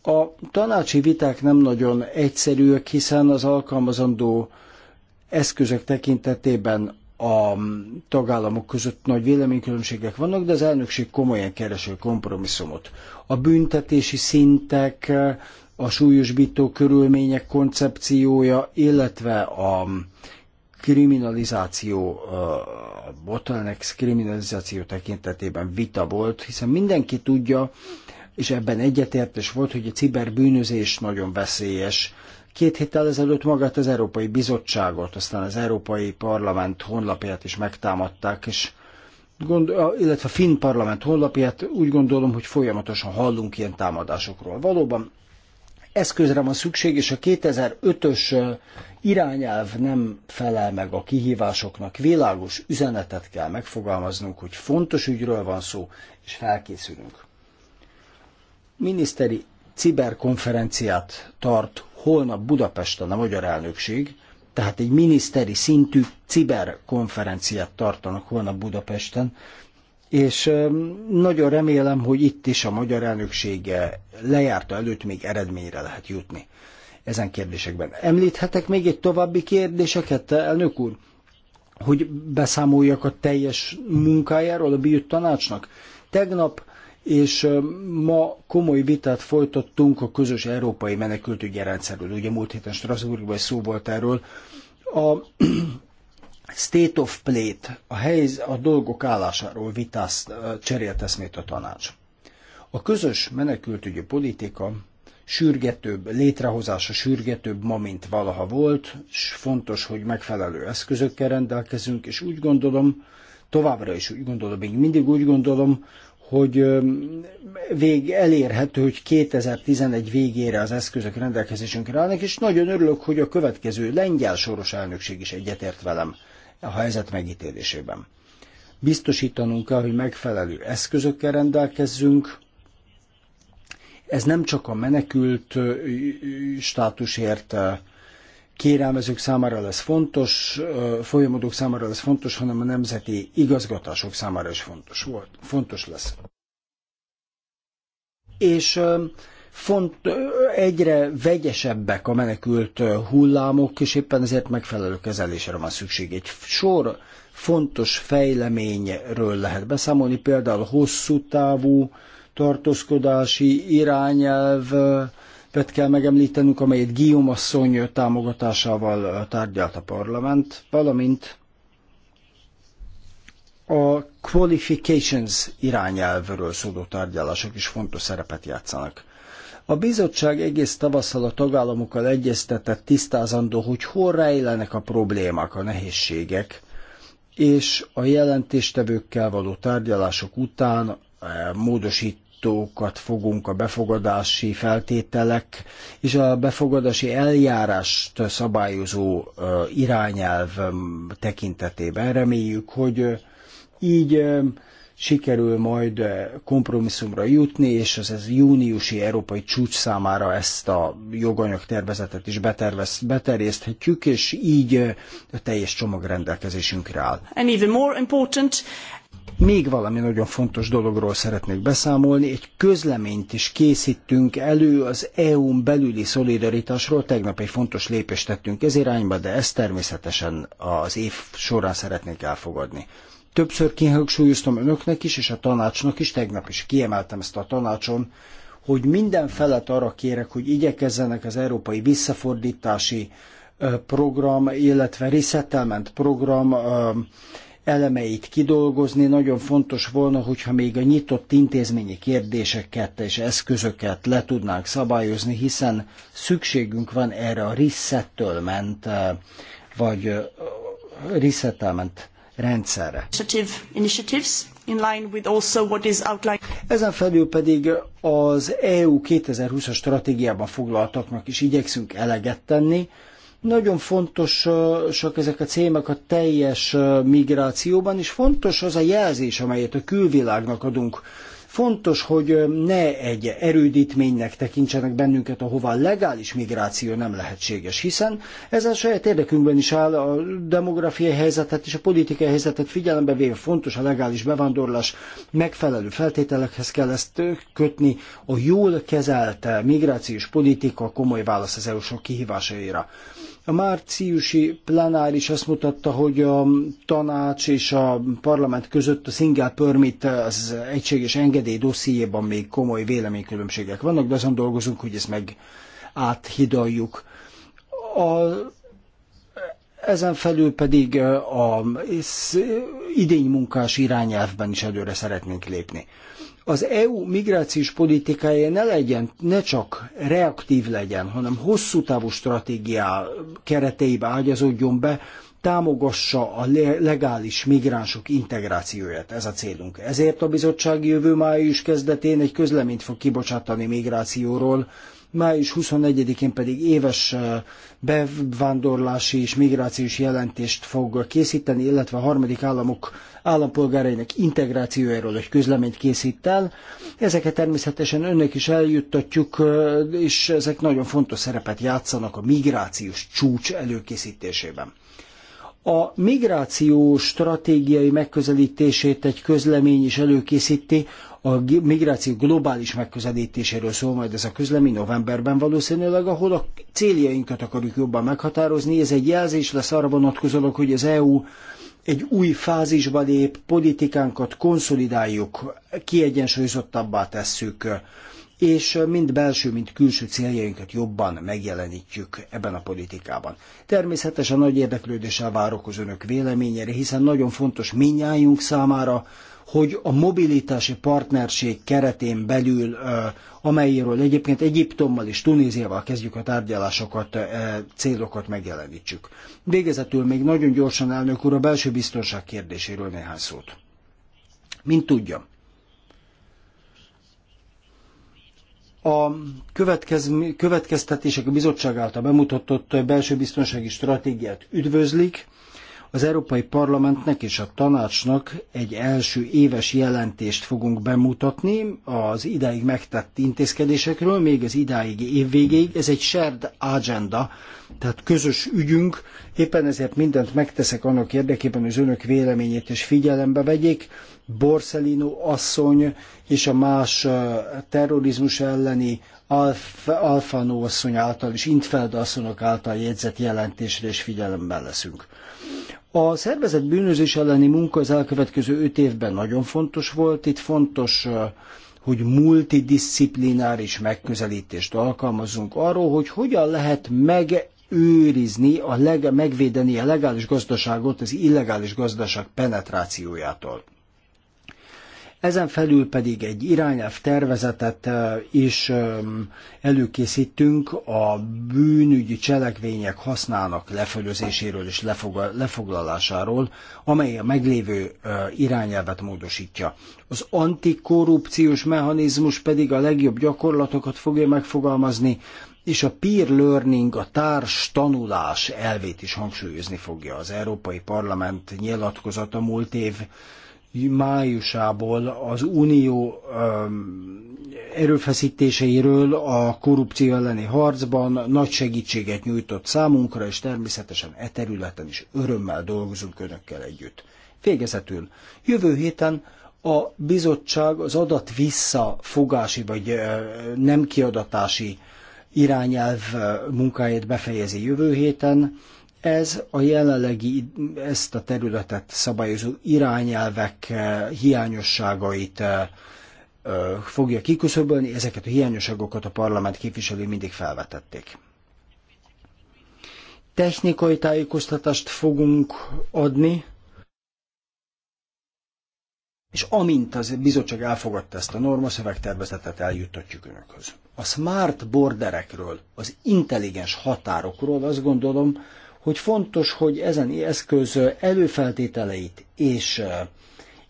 [SPEAKER 2] A tanácsi viták nem nagyon egyszerűek, hiszen az alkalmazandó eszközök tekintetében a tagállamok között nagy véleménykülönbségek vannak, de az elnökség komolyan keresi a kompromisszumot. A büntetési szintek, a súlyosbító körülmények koncepciója, illetve a kriminalizáció, a bottlenecks kriminalizáció tekintetében vita volt, hiszen mindenki tudja, és ebben egyetértés volt, hogy a ciberbűnözés nagyon veszélyes. Két héttel ezelőtt magát az Európai Bizottságot, aztán az Európai Parlament honlapját is megtámadták, és gond, illetve a Finn Parlament honlapját úgy gondolom, hogy folyamatosan hallunk ilyen támadásokról. Valóban eszközre van szükség, és a 2005-ös irányelv nem felel meg a kihívásoknak. Világos üzenetet kell megfogalmaznunk, hogy fontos ügyről van szó, és felkészülünk. Miniszteri ciberkonferenciát tart holnap Budapesten a magyar elnökség, tehát egy miniszteri szintű ciberkonferenciát tartanak holnap Budapesten és nagyon remélem, hogy itt is a magyar elnöksége lejárta előtt még eredményre lehet jutni ezen kérdésekben. Említhetek még egy további kérdéseket, elnök úr? Hogy beszámoljak a teljes munkájáról a BIUT tanácsnak? Tegnap és ma komoly vitát folytattunk a közös európai menekültügyi rendszerről. Ugye múlt héten Strasbourgban szó volt erről. A state of play a, helyz, a dolgok állásáról vitázt cserélt eszmét a tanács. A közös menekültügyi politika sürgetőbb, létrehozása sürgetőbb ma, mint valaha volt, és fontos, hogy megfelelő eszközökkel rendelkezünk, és úgy gondolom, továbbra is úgy gondolom, még mindig úgy gondolom, hogy vég elérhető, hogy 2011 végére az eszközök rendelkezésünkre állnak, és nagyon örülök, hogy a következő lengyel soros elnökség is egyetért velem a helyzet megítélésében. Biztosítanunk kell, hogy megfelelő eszközökkel rendelkezzünk, ez nem csak a menekült státusért kérelmezők számára lesz fontos, folyamodók számára lesz fontos, hanem a nemzeti igazgatások számára is fontos, volt, fontos lesz. És font, egyre vegyesebbek a menekült hullámok, és éppen ezért megfelelő kezelésre van szükség. Egy sor fontos fejleményről lehet beszámolni, például hosszú távú tartózkodási Pet kell megemlítenünk, amelyet Guillaume asszony támogatásával tárgyalt a parlament, valamint a qualifications irányelvről szóló tárgyalások is fontos szerepet játszanak. A bizottság egész tavasszal a tagállamokkal egyeztetett tisztázandó, hogy hol rejlenek a problémák, a nehézségek, és a jelentéstevőkkel való tárgyalások után eh, módosítókat fogunk a befogadási feltételek és a befogadási eljárást szabályozó eh, irányelv mm, tekintetében. Reméljük, hogy eh, így sikerül majd eh, kompromisszumra jutni, és az ez júniusi európai csúcs számára ezt a joganyagtervezetet is betervez, beterjeszthetjük, és így eh, a teljes csomag rendelkezésünkre áll. And even more important, még valami nagyon fontos dologról szeretnék beszámolni. Egy közleményt is készítünk elő az EU-n belüli szolidaritásról. Tegnap egy fontos lépést tettünk ez irányba, de ezt természetesen az év során szeretnék elfogadni. Többször kihangsúlyoztam önöknek is, és a tanácsnak is, tegnap is kiemeltem ezt a tanácson, hogy minden felet arra kérek, hogy igyekezzenek az európai visszafordítási program, illetve resettlement program elemeit kidolgozni. Nagyon fontos volna, hogyha még a nyitott intézményi kérdéseket és eszközöket le tudnánk szabályozni, hiszen szükségünk van erre a resettlement, vagy resettlement rendszerre. Ezen felül pedig az EU 2020-as stratégiában foglaltaknak is igyekszünk eleget tenni. Nagyon fontosak ezek a címek a teljes migrációban, és fontos az a jelzés, amelyet a külvilágnak adunk Fontos, hogy ne egy erődítménynek tekintsenek bennünket, ahová legális migráció nem lehetséges, hiszen ez a saját érdekünkben is áll a demográfiai helyzetet és a politikai helyzetet figyelembe véve fontos a legális bevándorlás, megfelelő feltételekhez kell ezt kötni, a jól kezelt migrációs politika komoly válasz az EU-sok kihívásaira. A márciusi plenáris azt mutatta, hogy a tanács és a parlament között a single permit, az egységes engedély dossziéban még komoly véleménykülönbségek vannak, de azon dolgozunk, hogy ezt meg áthidaljuk. A ezen felül pedig eh, a eh, idénymunkás irányelvben is előre szeretnénk lépni az EU migrációs politikája ne legyen, ne csak reaktív legyen, hanem hosszú távú stratégiá kereteibe ágyazódjon be, támogassa a legális migránsok integrációját. Ez a célunk. Ezért a bizottság jövő május kezdetén egy közleményt fog kibocsátani migrációról, május 24-én pedig éves bevándorlási és migrációs jelentést fog készíteni, illetve a harmadik államok állampolgárainak integrációjáról egy közleményt készít el. Ezeket természetesen önnek is eljuttatjuk, és ezek nagyon fontos szerepet játszanak a migrációs csúcs előkészítésében. A migráció stratégiai megközelítését egy közlemény is előkészíti, a migráció globális megközelítéséről szól majd ez a közlemény novemberben valószínűleg, ahol a céljainkat akarjuk jobban meghatározni. Ez egy jelzés lesz arra vonatkozólag, hogy az EU egy új fázisba lép, politikánkat konszolidáljuk, kiegyensúlyozottabbá tesszük, és mind belső, mind külső céljainkat jobban megjelenítjük ebben a politikában. Természetesen nagy érdeklődéssel várok az önök véleményére, hiszen nagyon fontos minnyájunk számára, hogy a mobilitási partnerség keretén belül, amelyről egyébként Egyiptommal és Tunéziával kezdjük a tárgyalásokat, célokat megjelenítsük. Végezetül még nagyon gyorsan elnök úr a belső biztonság kérdéséről néhány szót. Mint tudja, A következtetések a bizottság által bemutatott belső biztonsági stratégiát üdvözlik, az Európai Parlamentnek és a Tanácsnak egy első éves jelentést fogunk bemutatni az idáig megtett intézkedésekről, még az idáigi év végéig. Ez egy shared agenda, tehát közös ügyünk. Éppen ezért mindent megteszek annak érdekében, hogy az önök véleményét is figyelembe vegyék. Borsellino asszony és a más terrorizmus elleni Alfano asszony által és Intfeld asszonyok által jegyzett jelentésre is figyelemmel leszünk. A szervezet bűnözés elleni munka az elkövetkező öt évben nagyon fontos volt. Itt fontos, hogy multidisziplináris megközelítést alkalmazzunk arról, hogy hogyan lehet megőrizni, a leg, megvédeni a legális gazdaságot az illegális gazdaság penetrációjától. Ezen felül pedig egy irányelv tervezetet is előkészítünk a bűnügyi cselekvények hasznának lefölözéséről és lefoglalásáról, amely a meglévő irányelvet módosítja. Az antikorrupciós mechanizmus pedig a legjobb gyakorlatokat fogja megfogalmazni, és a peer learning, a társ tanulás elvét is hangsúlyozni fogja az Európai Parlament nyilatkozata múlt év májusából az Unió erőfeszítéseiről a korrupció elleni harcban nagy segítséget nyújtott számunkra, és természetesen e területen is örömmel dolgozunk Önökkel együtt. Végezetül, jövő héten a bizottság az adat visszafogási vagy nem kiadatási irányelv munkáját befejezi jövő héten, ez a jelenlegi, ezt a területet szabályozó irányelvek eh, hiányosságait eh, fogja kiküszöbölni, ezeket a hiányosságokat a parlament képviselői mindig felvetették. Technikai tájékoztatást fogunk adni, és amint az bizottság elfogadta ezt a normaszövegtervezetet, eljuttatjuk önökhöz. A smart borderekről, az intelligens határokról azt gondolom, hogy fontos, hogy ezen eszköz előfeltételeit és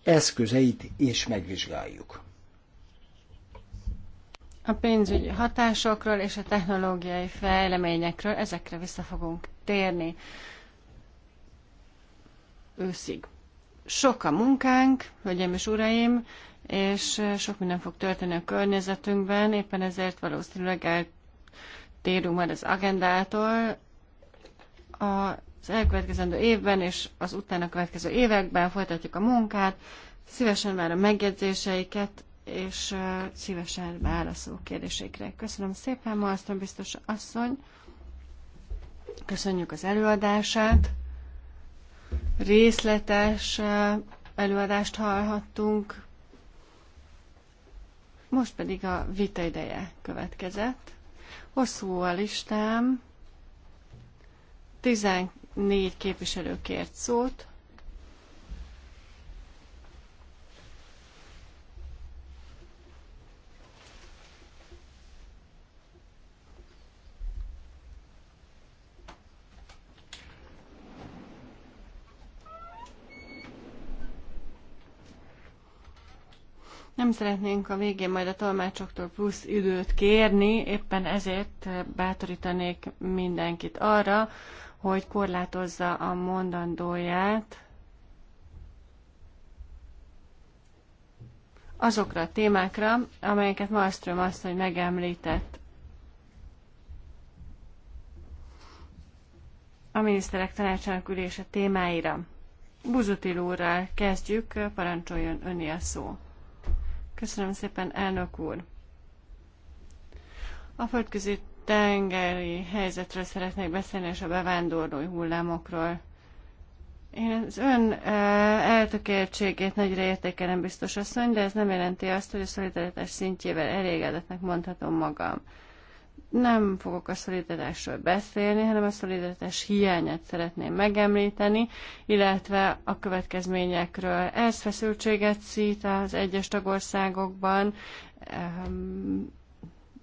[SPEAKER 2] eszközeit is megvizsgáljuk.
[SPEAKER 3] A pénzügyi hatásokról és a technológiai fejleményekről ezekre vissza fogunk térni őszig. Sok a munkánk, hölgyeim és uraim, és sok minden fog történni a környezetünkben, éppen ezért valószínűleg eltérünk majd az agendától, az elkövetkezendő évben és az utána következő években folytatjuk a munkát. Szívesen a megjegyzéseiket, és szívesen válaszolok kérdésekre Köszönöm szépen, Malmström biztos asszony. Köszönjük az előadását. Részletes előadást hallhattunk. Most pedig a vita ideje következett. Hosszú a listám. 14 képviselő kért szót. Nem szeretnénk a végén majd a tolmácsoktól plusz időt kérni, éppen ezért bátorítanék mindenkit arra, hogy korlátozza a mondandóját azokra a témákra, amelyeket Malmström azt, hogy megemlített. A miniszterek tanácsának ülése témáira. Buzutil úrral kezdjük, parancsoljon öné a szó. Köszönöm szépen, elnök úr! A földközi tengeri helyzetről szeretnék beszélni, és a bevándorlói hullámokról. Én az ön eltökéltségét nagyra értékelem, biztos asszony, de ez nem jelenti azt, hogy a szolidaritás szintjével elégedetnek mondhatom magam. Nem fogok a szolidaritásról beszélni, hanem a szolidaritás hiányát szeretném megemlíteni, illetve a következményekről. Ez feszültséget szít az egyes tagországokban,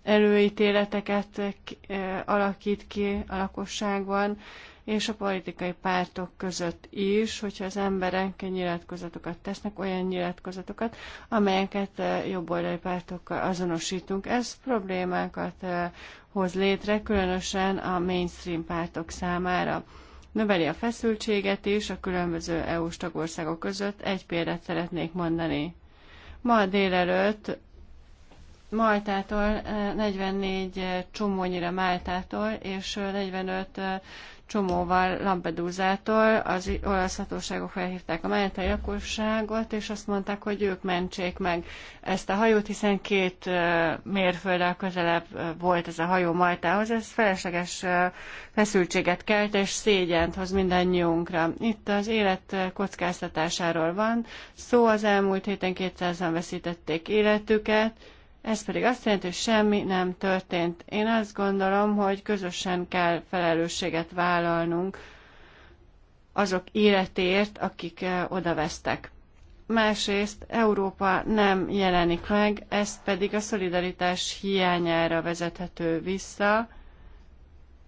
[SPEAKER 3] előítéleteket eh, alakít ki a lakosságban, és a politikai pártok között is, hogyha az emberek nyilatkozatokat tesznek, olyan nyilatkozatokat, amelyeket eh, jobboldali pártokkal azonosítunk. Ez problémákat eh, hoz létre, különösen a mainstream pártok számára. Növeli a feszültséget is a különböző EU-s tagországok között. Egy példát szeretnék mondani. Ma délelőtt Maltától, 44 eh, eh, csomónyira Máltától, és 45 eh, csomóval Lampedúzától az olasz hatóságok felhívták a máltai lakosságot, és azt mondták, hogy ők mentsék meg ezt a hajót, hiszen két mérfölddel közelebb volt ez a hajó Maltához. Ez felesleges feszültséget kelt, és szégyent hoz mindannyiunkra. Itt az élet kockáztatásáról van szó. Az elmúlt héten 200-an veszítették életüket, ez pedig azt jelenti, hogy semmi nem történt. Én azt gondolom, hogy közösen kell felelősséget vállalnunk azok életért, akik eh, odavesztek. Másrészt Európa nem jelenik meg, ez pedig a szolidaritás hiányára vezethető vissza,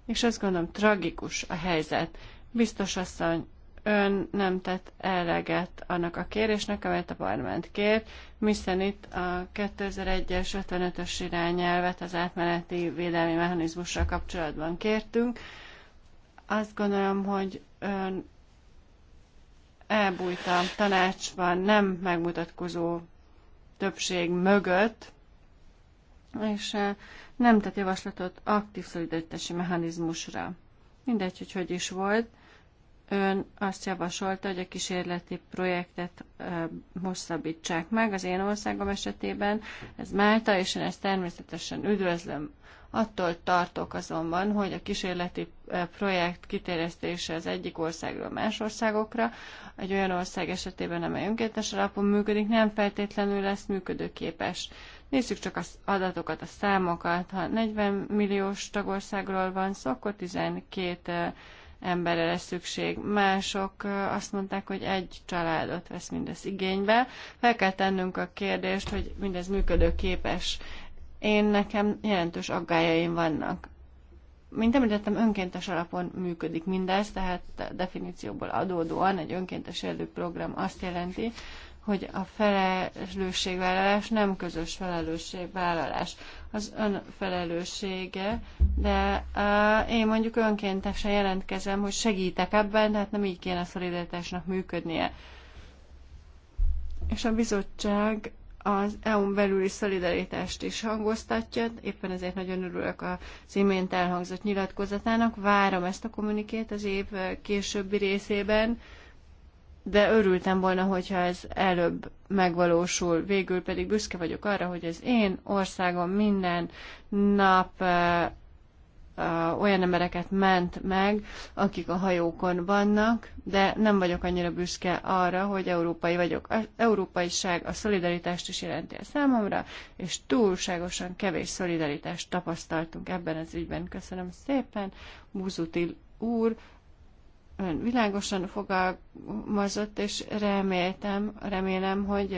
[SPEAKER 3] és azt gondolom tragikus a helyzet. Biztos asszony, ön nem tett eleget annak a kérésnek, amelyet a parlament kért, hiszen itt a 2001-es 55-ös irányelvet az átmeneti védelmi mechanizmussal kapcsolatban kértünk. Azt gondolom, hogy ön elbújt a tanácsban nem megmutatkozó többség mögött, és nem tett javaslatot aktív szolidaritási mechanizmusra. Mindegy, hogy hogy is volt Ön azt javasolta, hogy a kísérleti projektet hosszabbítsák meg. Az én országom esetében ez Málta, és én ezt természetesen üdvözlöm. Attól tartok azonban, hogy a kísérleti projekt kiterjesztése az egyik országról más országokra, egy olyan ország esetében, amely önkéntes alapon működik, nem feltétlenül lesz működőképes. Nézzük csak az adatokat, a számokat. Ha 40 milliós tagországról van szó, akkor 12 emberre lesz szükség. Mások azt mondták, hogy egy családot vesz mindez igénybe. Fel kell tennünk a kérdést, hogy mindez működőképes. Én nekem jelentős aggájaim vannak. Mint említettem, önkéntes alapon működik mindez, tehát definícióból adódóan egy önkéntes élő program azt jelenti, hogy a felelősségvállalás nem közös felelősségvállalás az felelőssége, de uh, én mondjuk önkéntesen jelentkezem, hogy segítek ebben, tehát nem így kéne a szolidaritásnak működnie. És a bizottság az EU-n belüli szolidaritást is hangoztatja, éppen ezért nagyon örülök az imént elhangzott nyilatkozatának. Várom ezt a kommunikét az év későbbi részében, de örültem volna, hogyha ez előbb megvalósul. Végül pedig büszke vagyok arra, hogy az én országom minden nap olyan embereket ment meg, akik a hajókon vannak, de nem vagyok annyira büszke arra, hogy európai vagyok. A európaiság a szolidaritást is jelenti a számomra, és túlságosan kevés szolidaritást tapasztaltunk ebben az ügyben. Köszönöm szépen, Buzutil úr, ön világosan fogalmazott, és reméltem, remélem, hogy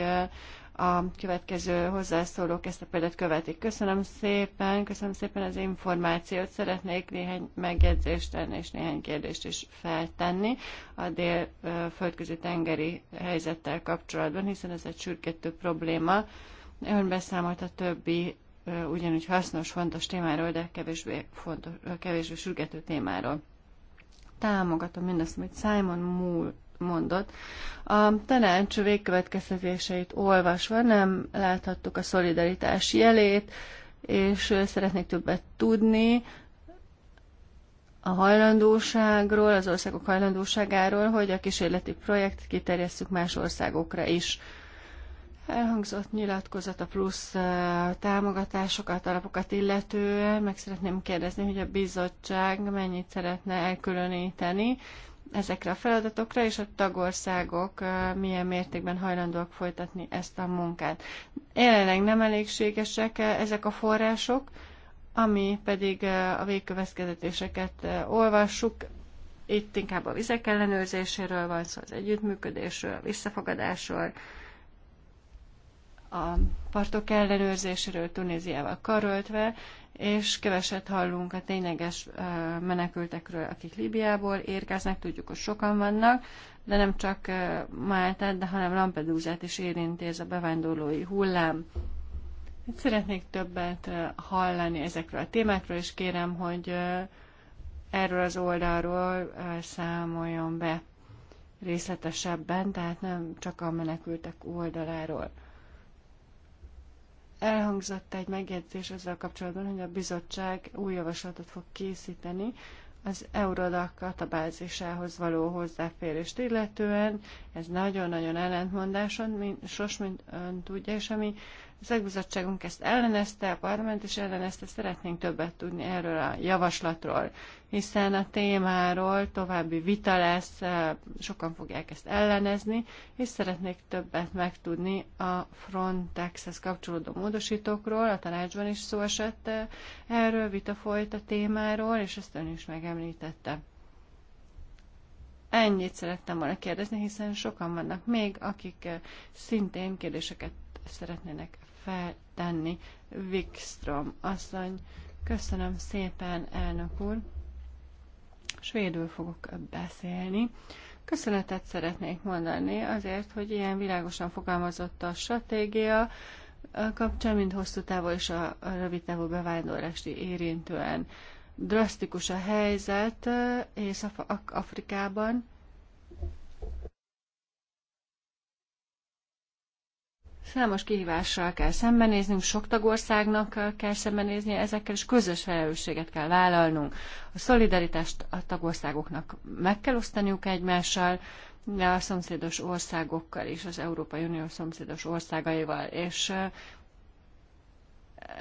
[SPEAKER 3] a következő hozzászólók ezt a példát követik. Köszönöm szépen, köszönöm szépen az információt. Szeretnék néhány megjegyzést tenni, és néhány kérdést is feltenni a dél-földközi tengeri helyzettel kapcsolatban, hiszen ez egy sürgető probléma. Ön beszámolt a többi ugyanúgy hasznos, fontos témáról, de kevésbé, fontos, kevésbé sürgető témáról támogatom mindazt, amit Simon Moore mondott. A tanács végkövetkeztetéseit olvasva nem láthattuk a szolidaritás jelét, és szeretnék többet tudni a hajlandóságról, az országok hajlandóságáról, hogy a kísérleti projekt kiterjesszük más országokra is. Elhangzott nyilatkozat a plusz támogatásokat, alapokat illetően. Meg szeretném kérdezni, hogy a bizottság mennyit szeretne elkülöníteni ezekre a feladatokra, és a tagországok milyen mértékben hajlandóak folytatni ezt a munkát. Jelenleg nem elégségesek ezek a források, ami pedig a végkövetkezetéseket olvassuk, itt inkább a vizek ellenőrzéséről van szó, az együttműködésről, visszafogadásról, a partok ellenőrzéséről Tunéziával karöltve, és keveset hallunk a tényleges menekültekről, akik Líbiából érkeznek, tudjuk, hogy sokan vannak, de nem csak Máltát, de hanem Lampedúzát is érinti ez a bevándorlói hullám. szeretnék többet hallani ezekről a témákról, és kérem, hogy erről az oldalról számoljon be részletesebben, tehát nem csak a menekültek oldaláról. Elhangzott egy megjegyzés ezzel kapcsolatban, hogy a bizottság új javaslatot fog készíteni az Eurodac katabázisához való hozzáférést illetően. Ez nagyon-nagyon ellentmondásos, mint, sos, mint ön tudja, és ami a szakbizottságunk ezt ellenezte, a parlament is ellenezte, szeretnénk többet tudni erről a javaslatról, hiszen a témáról további vita lesz, e, sokan fogják ezt ellenezni, és szeretnék többet megtudni a Frontexhez kapcsolódó módosítókról, a tanácsban is szó esett e, erről, vita folyt a témáról, és ezt ön is megemlítette. Ennyit szerettem volna kérdezni, hiszen sokan vannak még, akik e, szintén kérdéseket szeretnének feltenni. Wikström asszony, köszönöm szépen, elnök úr. Svédül fogok beszélni. Köszönetet szeretnék mondani azért, hogy ilyen világosan fogalmazott a stratégia kapcsán, mint hosszú távú, és a rövid távú bevándorlási érintően. Drasztikus a helyzet eh, Észak-Afrikában, Számos kihívással kell szembenéznünk, sok tagországnak kell szembenéznie ezekkel, és közös felelősséget kell vállalnunk. A szolidaritást a tagországoknak meg kell osztaniuk egymással, de a szomszédos országokkal is, az Európai Unió szomszédos országaival, és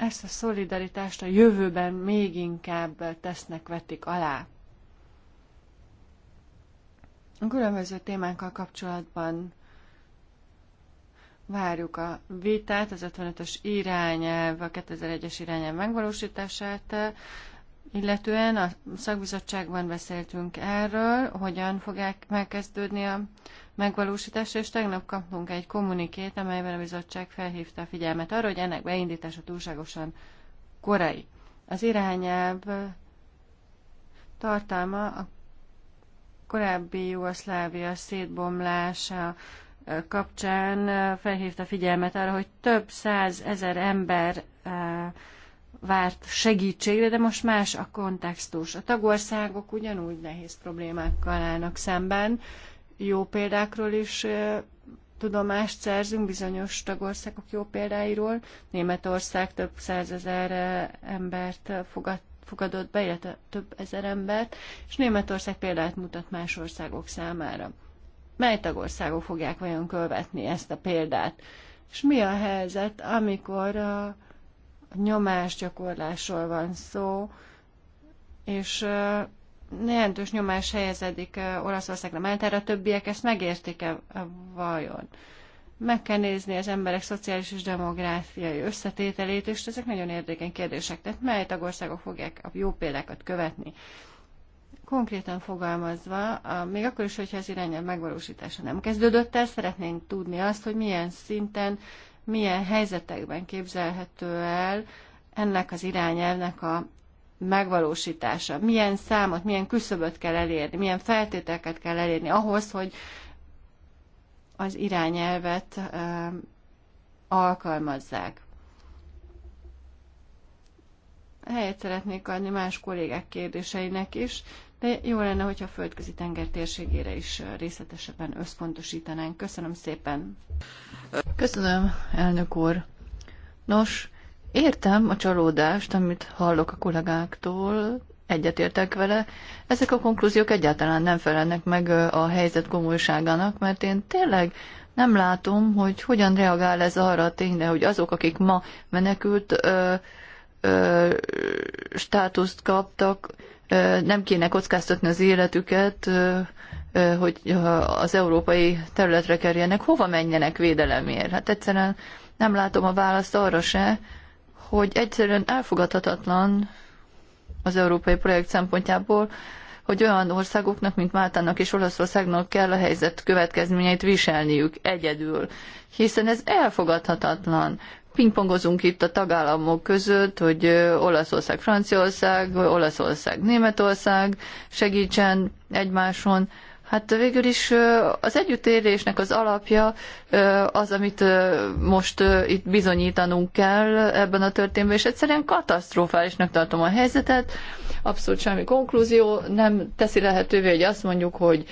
[SPEAKER 3] ezt a szolidaritást a jövőben még inkább tesznek, vetik alá. A különböző témákkal kapcsolatban Várjuk a vitát, az 55-ös irányelv, a 2001-es irányelv megvalósítását, illetően a szakbizottságban beszéltünk erről, hogyan fogják megkezdődni a megvalósítása, és tegnap kaptunk egy kommunikét, amelyben a bizottság felhívta a figyelmet arra, hogy ennek beindítása túlságosan korai. Az irányelv tartalma a korábbi Jugoszlávia szétbomlása, kapcsán felhívta figyelmet arra, hogy több száz ezer ember várt segítségre, de most más a kontextus. A tagországok ugyanúgy nehéz problémákkal állnak szemben. Jó példákról is tudomást szerzünk bizonyos tagországok jó példáiról. Németország több százezer embert fogadt fogadott be, illetve több ezer embert, és Németország példát mutat más országok számára mely tagországok fogják vajon követni ezt a példát. És mi a helyzet, amikor a nyomásgyakorlásról van szó, és jelentős nyomás helyezedik Olaszországra, mert erre a többiek ezt megértik-e vajon? Meg kell nézni az emberek szociális és demográfiai összetételét, és ezek nagyon érdekes kérdések. Tehát mely tagországok fogják a jó példákat követni? Konkrétan fogalmazva, a, még akkor is, hogyha az irányelv megvalósítása nem kezdődött el, szeretnénk tudni azt, hogy milyen szinten, milyen helyzetekben képzelhető el ennek az irányelvnek a megvalósítása. Milyen számot, milyen küszöböt kell elérni, milyen feltételeket kell elérni ahhoz, hogy az irányelvet ö, alkalmazzák. Helyet szeretnék adni más kollégák kérdéseinek is, de jó lenne, hogyha a földközi tenger térségére is részletesebben összpontosítanánk. Köszönöm szépen! Köszönöm, elnök úr! Nos, értem a csalódást, amit hallok a kollégáktól,
[SPEAKER 1] egyetértek vele. Ezek a konklúziók egyáltalán nem felelnek meg a helyzet komolyságának, mert én tényleg nem látom, hogy hogyan reagál ez arra a tényre, hogy azok, akik ma menekült ö, ö, státuszt kaptak, nem kéne kockáztatni az életüket, hogy az európai területre kerjenek, hova menjenek védelemért? Hát egyszerűen nem látom a választ arra se, hogy egyszerűen elfogadhatatlan az európai projekt szempontjából, hogy olyan országoknak, mint Máltának és Olaszországnak kell a helyzet következményeit viselniük egyedül, hiszen ez elfogadhatatlan pingpongozunk itt a tagállamok között, hogy Olaszország, Franciaország, Olaszország, Németország segítsen egymáson. Hát végül is az együttérésnek az alapja az, amit most itt bizonyítanunk kell ebben a történetben, és egyszerűen katasztrofálisnak tartom a helyzetet. Abszolút semmi konklúzió nem teszi lehetővé, hogy azt mondjuk, hogy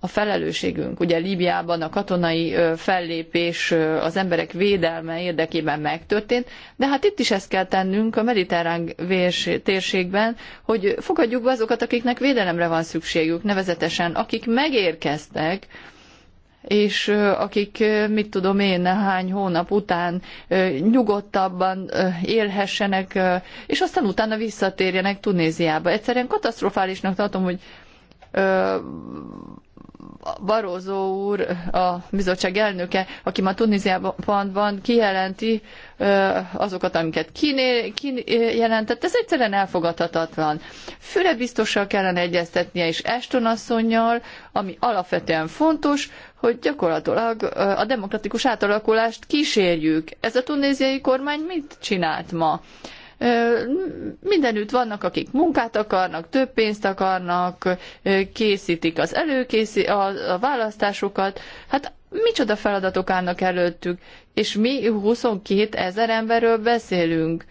[SPEAKER 1] a felelősségünk. Ugye Líbiában a katonai fellépés az emberek védelme érdekében megtörtént, de hát itt is ezt kell tennünk a mediterrán térségben, hogy fogadjuk be azokat, akiknek védelemre van szükségük, nevezetesen akik megérkeztek, és akik, mit tudom én, hány hónap után nyugodtabban élhessenek, és aztán utána visszatérjenek Tunéziába. Egyszerűen katasztrofálisnak tartom, hogy Barózó úr, a bizottság elnöke, aki ma Tunéziában van, kijelenti azokat, amiket kijelentett. Ez egyszerűen elfogadhatatlan. Füle biztossal kellene egyeztetnie, és Eston asszonynal, ami alapvetően fontos, hogy gyakorlatilag a demokratikus átalakulást kísérjük. Ez a tunéziai kormány mit csinált ma? Mindenütt vannak, akik munkát akarnak, több pénzt akarnak, készítik az előkészi, a, a választásokat. Hát micsoda feladatok állnak előttük, és mi 22 ezer emberről beszélünk.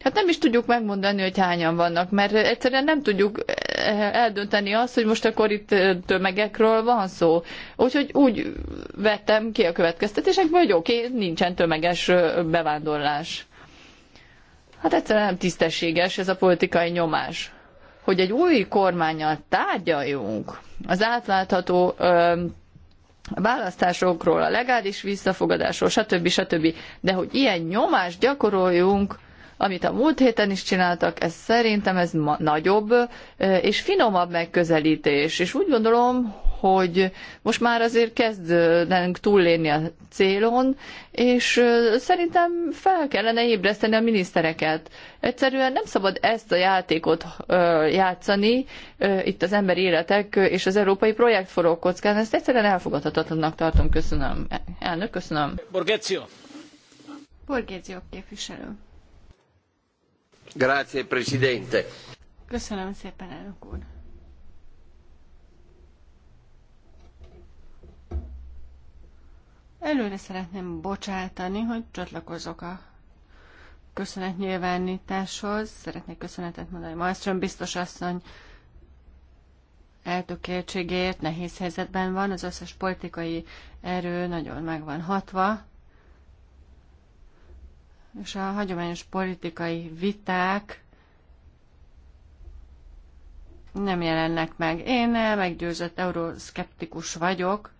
[SPEAKER 1] Hát nem is tudjuk megmondani, hogy hányan vannak, mert egyszerűen nem tudjuk e, eldönteni azt, hogy most akkor itt tömegekről van szó. Úgyhogy úgy vettem ki a következtetésekből, hogy oké, okay, nincsen tömeges bevándorlás. Hát egyszerűen nem tisztességes ez a politikai nyomás. Hogy egy új kormányjal tárgyaljunk az átlátható ö, választásokról, a legális visszafogadásról, stb. stb. De hogy ilyen nyomást gyakoroljunk, amit a múlt héten is csináltak, ez szerintem ez nagyobb és finomabb megközelítés. És úgy gondolom, hogy most már azért kezdenünk túllérni a célon, és szerintem fel kellene ébreszteni a minisztereket. Egyszerűen nem szabad ezt a játékot játszani, itt az emberi életek és az európai projekt forró kockán, ezt egyszerűen elfogadhatatlannak tartom. Köszönöm. Elnök, köszönöm.
[SPEAKER 2] Borgezio.
[SPEAKER 3] Borgezio képviselő.
[SPEAKER 2] Grazie, Presidente.
[SPEAKER 3] Köszönöm szépen, elnök úr. Előre szeretném bocsátani, hogy csatlakozok a köszönetnyilvánításhoz. Szeretnék köszönetet mondani Malmström biztos asszony eltökéltségért, nehéz helyzetben van, az összes politikai erő nagyon meg van hatva, és a hagyományos politikai viták nem jelennek meg. Én meggyőzött euroszkeptikus vagyok,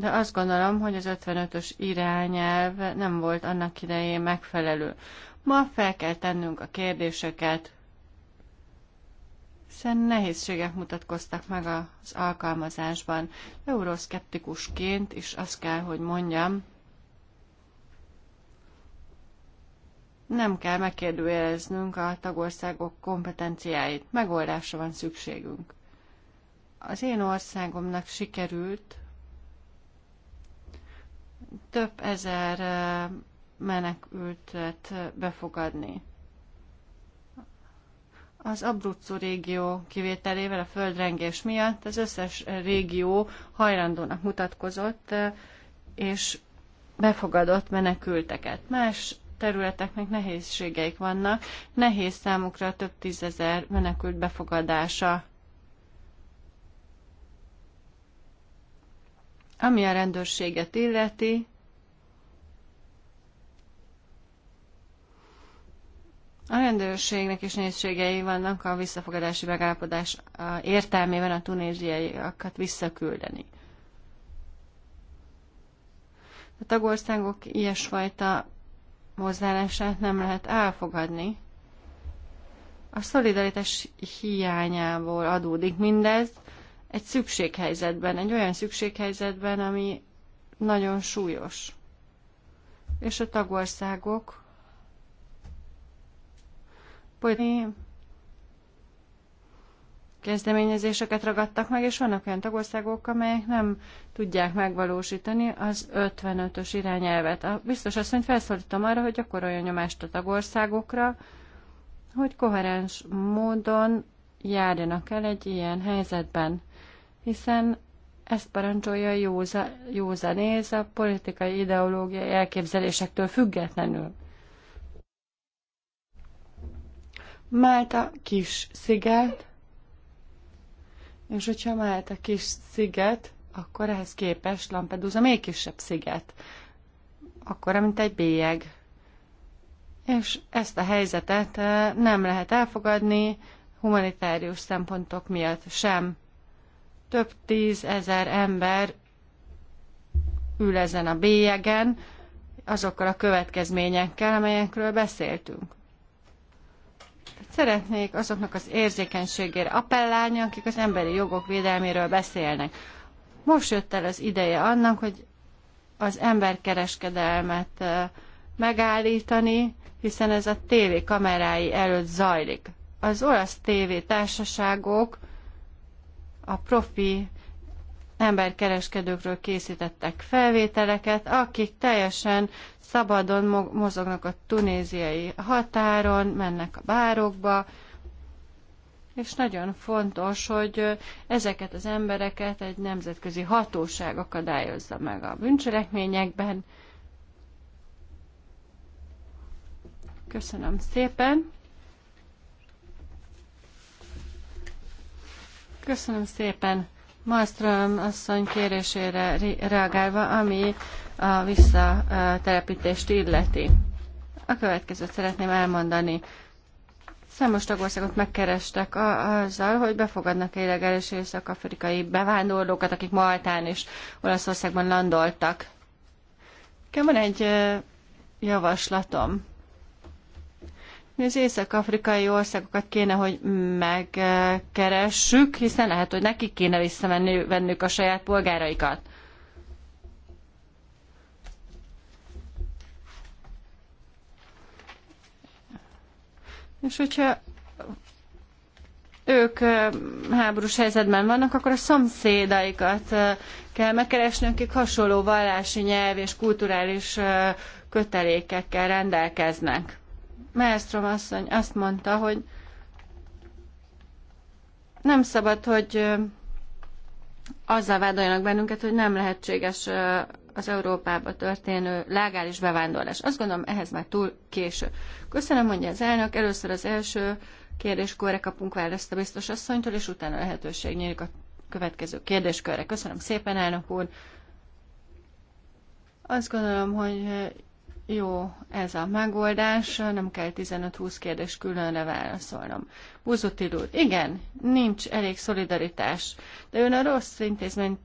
[SPEAKER 3] de azt gondolom, hogy az 55-ös irányelv nem volt annak idején megfelelő. Ma fel kell tennünk a kérdéseket, hiszen nehézségek mutatkoztak meg az alkalmazásban. Euroszkeptikusként is azt kell, hogy mondjam, nem kell megkérdőjeleznünk a tagországok kompetenciáit, megoldásra van szükségünk. Az én országomnak sikerült több ezer menekültet befogadni. Az Abruzzo régió kivételével a földrengés miatt az összes régió hajlandónak mutatkozott, és befogadott menekülteket. Más területeknek nehézségeik vannak, nehéz számukra több tízezer menekült befogadása. Ami a rendőrséget illeti, A rendőrségnek is nézségei vannak a visszafogadási megállapodás értelmében a tunéziaiakat visszaküldeni. A tagországok ilyesfajta hozzáállását nem lehet elfogadni. A szolidaritás hiányából adódik mindez, egy szükséghelyzetben, egy olyan szükséghelyzetben, ami nagyon súlyos. És a tagországok politikai kezdeményezéseket ragadtak meg, és vannak olyan tagországok, amelyek nem tudják megvalósítani az 55-ös irányelvet. A biztos asszonyt felszólítom arra, hogy gyakoroljon nyomást a tagországokra, hogy koherens módon járjanak el egy ilyen helyzetben hiszen ezt parancsolja józa, néz a politikai ideológiai elképzelésektől függetlenül. Málta kis sziget, és hogyha Málta kis sziget, akkor ehhez képest Lampedusa még kisebb sziget, akkor mint egy bélyeg. És ezt a helyzetet eh, nem lehet elfogadni humanitárius szempontok miatt sem több tízezer ember ül ezen a bélyegen, azokkal a következményekkel, amelyekről beszéltünk. Szeretnék azoknak az érzékenységére appellálni, akik az emberi jogok védelméről beszélnek. Most jött el az ideje annak, hogy az emberkereskedelmet megállítani, hiszen ez a tévé kamerái előtt zajlik. Az olasz tévé társaságok a profi emberkereskedőkről készítettek felvételeket, akik teljesen szabadon mozognak a tunéziai határon, mennek a bárokba, és nagyon fontos, hogy ezeket az embereket egy nemzetközi hatóság akadályozza meg a bűncselekményekben. Köszönöm szépen! Köszönöm szépen. Malmström asszony kérésére reagálva, ami a visszatelepítést illeti. A következőt szeretném elmondani. Számos tagországot megkerestek azzal, hogy befogadnak illegális észak-afrikai bevándorlókat, akik Maltán és Olaszországban landoltak. Nekem van egy javaslatom. Mi az észak-afrikai országokat kéne, hogy megkeressük, hiszen lehet, hogy nekik kéne visszamenni vennük a saját polgáraikat. És hogyha ők háborús helyzetben vannak, akkor a szomszédaikat kell megkeresni, akik hasonló vallási, nyelv és kulturális kötelékekkel rendelkeznek. Maestrom asszony azt mondta, hogy nem szabad, hogy azzal vádoljanak bennünket, hogy nem lehetséges az Európába történő legális bevándorlás. Azt gondolom, ehhez már túl késő. Köszönöm, mondja az elnök. Először az első kérdéskörre kapunk választ a biztos asszonytól, és utána lehetőség nyílik a következő kérdéskörre. Köszönöm szépen, elnök úr. Azt gondolom, hogy jó ez a megoldás, nem kell 15-20 kérdést különre válaszolnom. Buzutil idő? igen, nincs elég szolidaritás, de ön a rossz intézményt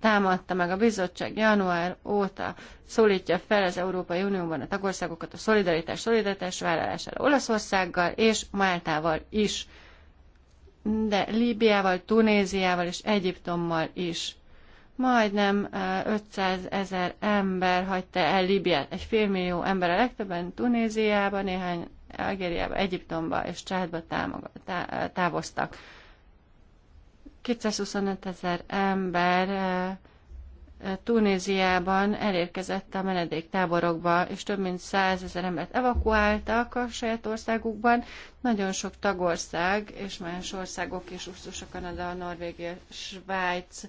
[SPEAKER 3] támadta meg a bizottság január óta szólítja fel az Európai Unióban a tagországokat a szolidaritás, szolidaritás vállalására Olaszországgal és Máltával is, de Líbiával, Tunéziával és Egyiptommal is majdnem 500 ezer ember hagyta el Libiát. Egy félmillió ember a legtöbben Tunéziában, néhány Algériában, Egyiptomba és Csádba távoztak. 225 ezer ember Tunéziában elérkezett a menedéktáborokba, és több mint százezer embert evakuáltak a saját országukban. Nagyon sok tagország és más országok is, Usztus, a Kanada, a Norvégia, Svájc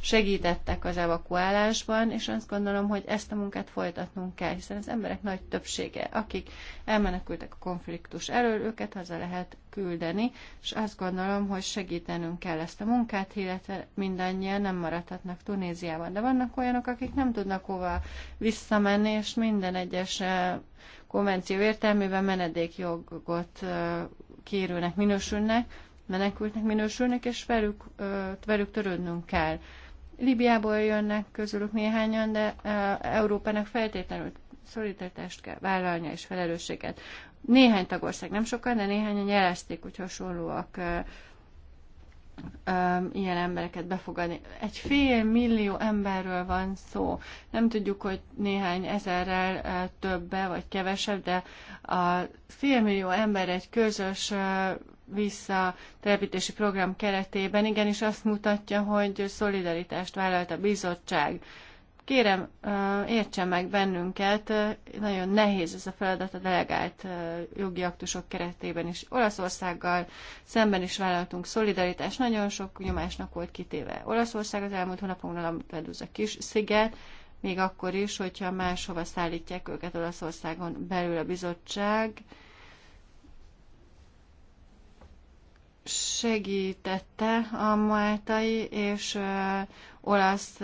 [SPEAKER 3] segítettek az evakuálásban, és azt gondolom, hogy ezt a munkát folytatnunk kell, hiszen az emberek nagy többsége, akik elmenekültek a konfliktus elől, őket haza lehet küldeni, és azt gondolom, hogy segítenünk kell ezt a munkát, illetve mindannyian nem maradhatnak Tunéziában. De vannak olyanok, akik nem tudnak hova visszamenni, és minden egyes eh, konvenció értelmében menedékjogot eh, kérőnek minősülnek, menekültnek minősülnek, és velük, eh, velük törődnünk kell. Libiából jönnek közülük néhányan, de Európának feltétlenül szolidaritást kell vállalnia és felelősséget. Néhány tagország, nem sokan, de néhányan jelezték, hogy hasonlóak ilyen embereket befogadni. Egy fél millió emberről van szó. Nem tudjuk, hogy néhány ezerrel többe vagy kevesebb, de a fél millió ember egy közös visszatelepítési program keretében igenis azt mutatja, hogy szolidaritást vállalt a bizottság. Kérem, értsen meg bennünket, nagyon nehéz ez a feladat a delegált jogi aktusok keretében is. Olaszországgal szemben is vállaltunk szolidaritást, nagyon sok nyomásnak volt kitéve. Olaszország az elmúlt hónapokban Lampedusa kis sziget, még akkor is, hogyha máshova szállítják őket Olaszországon belül a bizottság, segítette a maltai és olasz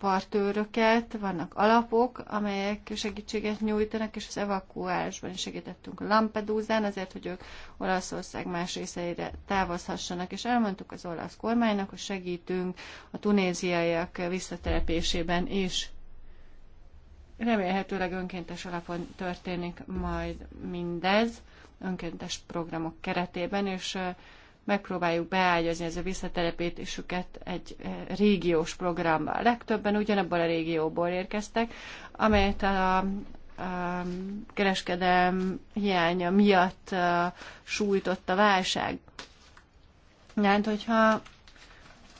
[SPEAKER 3] partőröket, vannak alapok, amelyek segítséget nyújtanak, és az evakuálásban is segítettünk Lampedúzán, azért, hogy ők Olaszország más részeire távozhassanak, és elmondtuk az olasz kormánynak, hogy segítünk a tunéziaiak visszatelepésében is. Remélhetőleg önkéntes alapon történik majd mindez, önkéntes programok keretében, és megpróbáljuk beágyazni ez a visszatelepítésüket egy eh, régiós programba. Legtöbben ugyanabból a régióból érkeztek, amelyet a kereskedelm hiánya miatt eh, sújtott a válság. Tehát, hogyha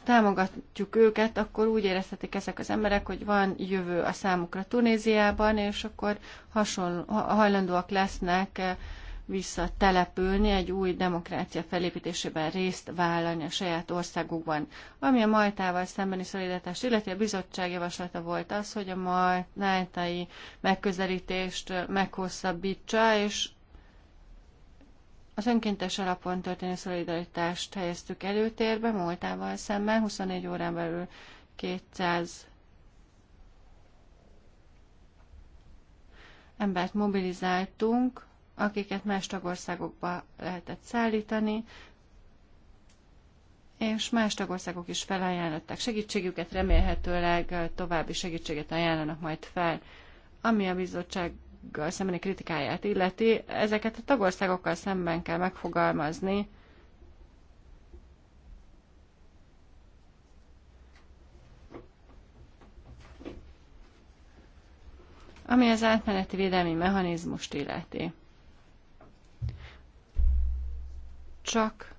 [SPEAKER 3] támogatjuk őket, akkor úgy érezhetik ezek az emberek, hogy van jövő a számukra Tunéziában, és akkor hasonló, hajlandóak lesznek eh, visszatelepülni, egy új demokrácia felépítésében részt vállalni a saját országukban. Ami a Maltával szembeni szolidatás, illetve a bizottság javaslata volt az, hogy a maltai megközelítést meghosszabbítsa, és az önkéntes alapon történő szolidaritást helyeztük előtérbe, múltával szemben, 24 órán belül 200 embert mobilizáltunk, akiket más tagországokba lehetett szállítani, és más tagországok is felajánlották segítségüket, remélhetőleg további segítséget ajánlanak majd fel. Ami a bizottsággal szembeni kritikáját illeti, ezeket a tagországokkal szemben kell megfogalmazni, ami az átmeneti védelmi mechanizmust illeti. csak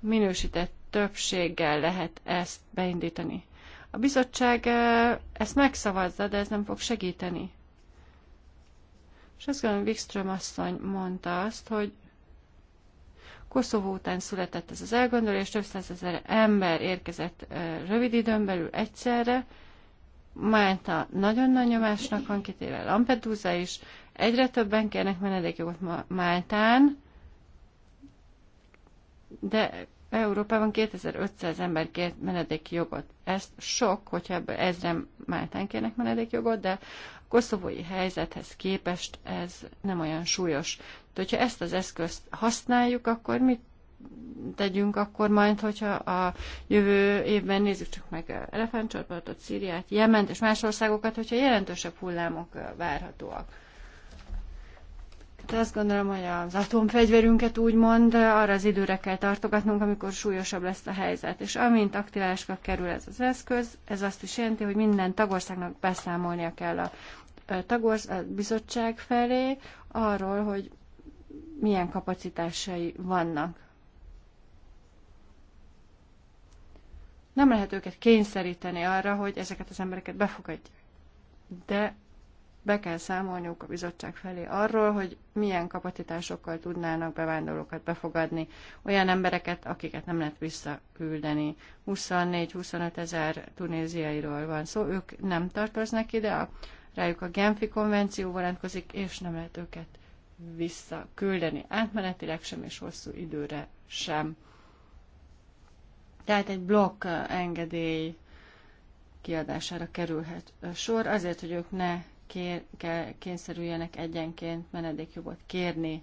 [SPEAKER 3] minősített többséggel lehet ezt beindítani. A bizottság ezt megszavazza, de ez nem fog segíteni. És azt gondolom, Wikström asszony mondta azt, hogy Koszovó után született ez az elgondolás, több százezer ember érkezett rövid időn belül egyszerre, Málta nagyon nagy nyomásnak van kitéve, Lampedusa is, egyre többen kérnek menedékjogot Máltán, de Európában 2500 ember kért jogot. Ezt sok, hogyha ebből ezren Máltán kérnek menedékjogot, de a koszovói helyzethez képest ez nem olyan súlyos. De hogyha ezt az eszközt használjuk, akkor mit tegyünk akkor majd, hogyha a jövő évben nézzük csak meg elefántcsontpartot, Szíriát, Jement és más országokat, hogyha jelentősebb hullámok várhatóak. Hát azt gondolom, hogy az atomfegyverünket úgymond arra az időre kell tartogatnunk, amikor súlyosabb lesz a helyzet. És amint aktiválásra kerül ez az eszköz, ez azt is jelenti, hogy minden tagországnak beszámolnia kell a, tagorsz, a bizottság felé arról, hogy milyen kapacitásai vannak. Nem lehet őket kényszeríteni arra, hogy ezeket az embereket befogadják. De be kell számolniuk a bizottság felé arról, hogy milyen kapacitásokkal tudnának bevándorlókat befogadni, olyan embereket, akiket nem lehet visszaküldeni. 24-25 ezer tunéziairól van szó, ők nem tartoznak ide, a, rájuk a Genfi konvenció vonatkozik, és nem lehet őket visszaküldeni átmenetileg sem, és hosszú időre sem. Tehát egy blokk engedély kiadására kerülhet sor, azért, hogy ők ne kér, kényszerüljenek egyenként menedékjogot kérni,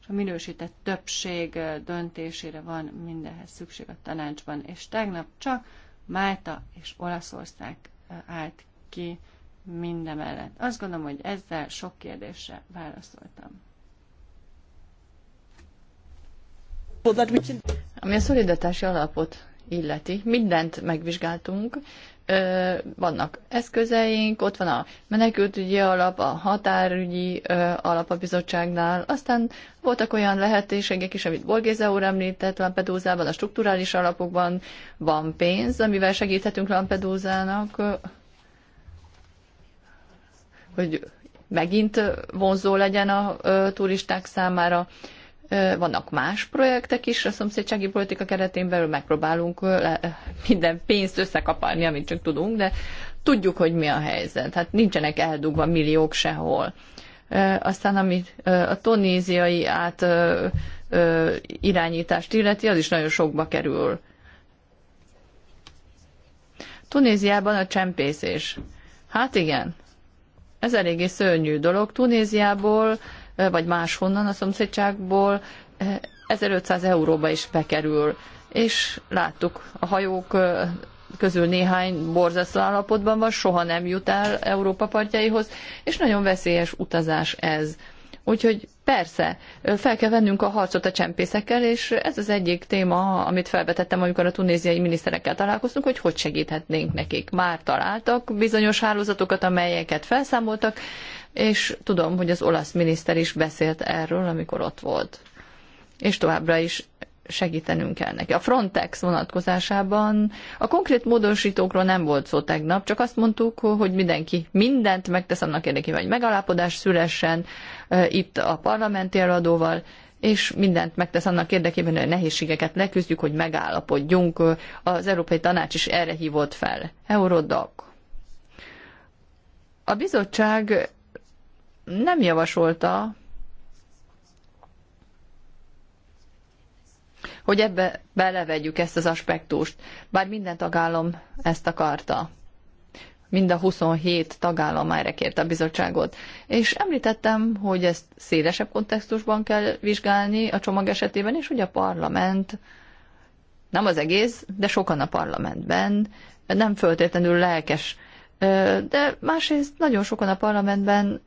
[SPEAKER 3] és a minősített többség döntésére van mindenhez szükség a tanácsban. És tegnap csak Málta és Olaszország állt ki mindemellett. Azt gondolom, hogy ezzel sok kérdésre válaszoltam.
[SPEAKER 1] Ami a szolidaritási alapot illeti, mindent megvizsgáltunk, vannak eszközeink, ott van a menekültügyi alap, a határügyi alap a bizottságnál, aztán voltak olyan lehetőségek is, amit Borgéza úr említett Lampedúzában, a strukturális alapokban van pénz, amivel segíthetünk Lampedúzának, hogy megint vonzó legyen a turisták számára vannak más projektek is a szomszédsági politika keretén belül, megpróbálunk minden pénzt összekaparni, amit csak tudunk, de tudjuk, hogy mi a helyzet. Hát nincsenek eldugva milliók sehol. Aztán, ami a tunéziai át irányítást illeti, az is nagyon sokba kerül. Tunéziában a csempészés. Hát igen, ez eléggé szörnyű dolog. Tunéziából vagy máshonnan a szomszédságból 1500 eh, euróba is bekerül. És láttuk, a hajók eh, közül néhány borzasztó állapotban van, soha nem jut el Európa partjaihoz, és nagyon veszélyes utazás ez. Úgyhogy persze, eh, fel kell vennünk a harcot a csempészekkel, és ez az egyik téma, amit felvetettem, amikor a tunéziai miniszterekkel találkoztunk, hogy hogy segíthetnénk nekik. Már találtak bizonyos hálózatokat, amelyeket felszámoltak, és tudom, hogy az olasz miniszter is beszélt erről, amikor ott volt. És továbbra is segítenünk kell neki. A Frontex vonatkozásában a konkrét módosítókról nem volt szó tegnap, csak azt mondtuk, hogy mindenki mindent megtesz annak érdekében, hogy megállapodás szülessen itt a parlamenti előadóval, és mindent megtesz annak érdekében, hogy a nehézségeket leküzdjük, hogy megállapodjunk. Az Európai Tanács is erre hívott fel. Eurodac. A bizottság nem javasolta, hogy ebbe belevegyük ezt az aspektust, bár minden tagállam ezt akarta. Mind a 27 tagállam már kérte a bizottságot. És említettem, hogy ezt szélesebb kontextusban kell vizsgálni a csomag esetében, és hogy a parlament, nem az egész, de sokan a parlamentben, nem föltétlenül lelkes de másrészt nagyon sokan a parlamentben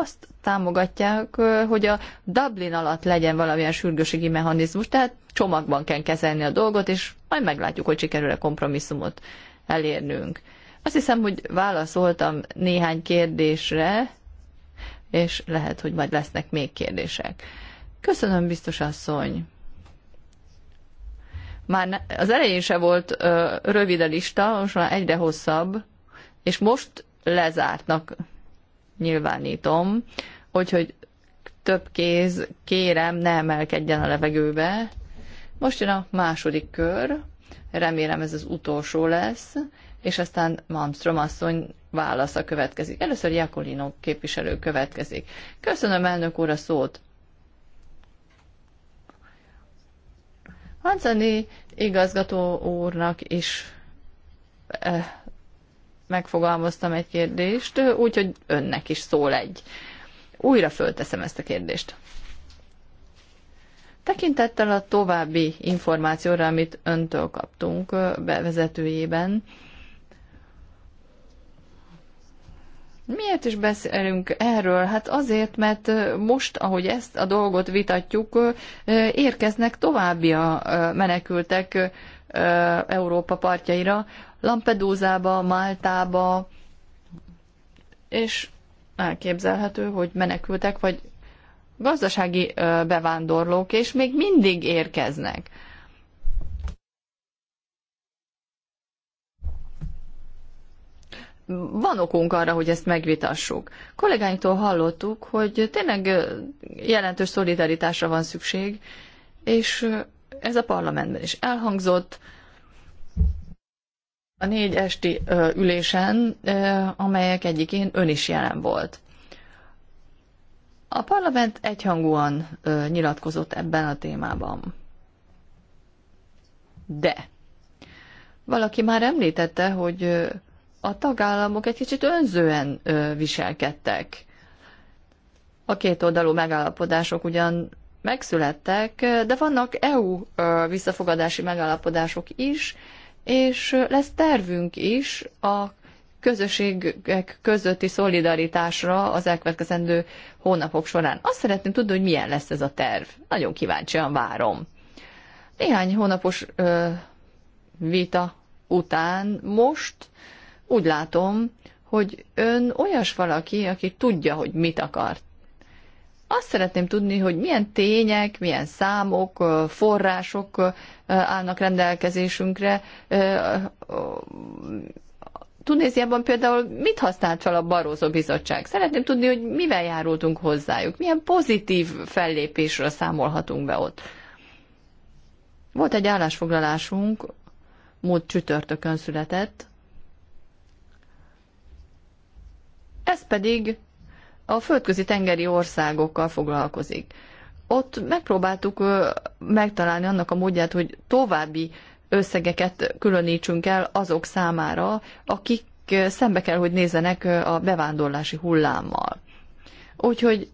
[SPEAKER 1] azt támogatják, hogy a Dublin alatt legyen valamilyen sürgőségi mechanizmus, tehát csomagban kell kezelni a dolgot, és majd meglátjuk, hogy sikerül-e kompromisszumot elérnünk. Azt hiszem, hogy válaszoltam néhány kérdésre, és lehet, hogy majd lesznek még kérdések. Köszönöm, biztos asszony! Már az elején se volt ö, rövid a lista, most már egyre hosszabb, és most lezártnak nyilvánítom, úgyhogy több kéz, kérem, ne emelkedjen a levegőbe. Most jön a második kör, remélem ez az utolsó lesz, és aztán Malmström asszony válasza következik. Először Jakolino képviselő következik. Köszönöm elnök úr a szót. Hancani igazgató úrnak is eh, megfogalmaztam egy kérdést, úgyhogy önnek is szól egy. Újra fölteszem ezt a kérdést. Tekintettel a további információra, amit öntől kaptunk bevezetőjében, Miért is beszélünk erről? Hát azért, mert most, ahogy ezt a dolgot vitatjuk, érkeznek további a menekültek Európa partjaira, Lampedózába, Máltába, és elképzelhető, hogy menekültek, vagy gazdasági bevándorlók, és még mindig érkeznek. Van okunk arra, hogy ezt megvitassuk. Kollégáinktól hallottuk, hogy tényleg jelentős szolidaritásra van szükség, és ez a parlamentben is elhangzott, a négy esti ülésen, amelyek egyikén ön is jelen volt. A parlament egyhangúan nyilatkozott ebben a témában. De valaki már említette, hogy a tagállamok egy kicsit önzően viselkedtek. A két oldalú megállapodások ugyan megszülettek, de vannak EU visszafogadási megállapodások is, és lesz tervünk is a közösségek közötti szolidaritásra az elkövetkezendő hónapok során. Azt szeretném tudni, hogy milyen lesz ez a terv. Nagyon kíváncsian várom. Néhány hónapos ö, vita után most úgy látom, hogy ön olyas valaki, aki tudja, hogy mit akar azt szeretném tudni, hogy milyen tények, milyen számok, források állnak rendelkezésünkre. Tunéziában például mit használt fel a Barózó Bizottság? Szeretném tudni, hogy mivel járultunk hozzájuk, milyen pozitív fellépésről számolhatunk be ott. Volt egy állásfoglalásunk, múlt csütörtökön született, ez pedig a földközi tengeri országokkal foglalkozik. Ott megpróbáltuk megtalálni annak a módját, hogy további összegeket különítsünk el azok számára, akik szembe kell, hogy nézzenek a bevándorlási hullámmal. Úgyhogy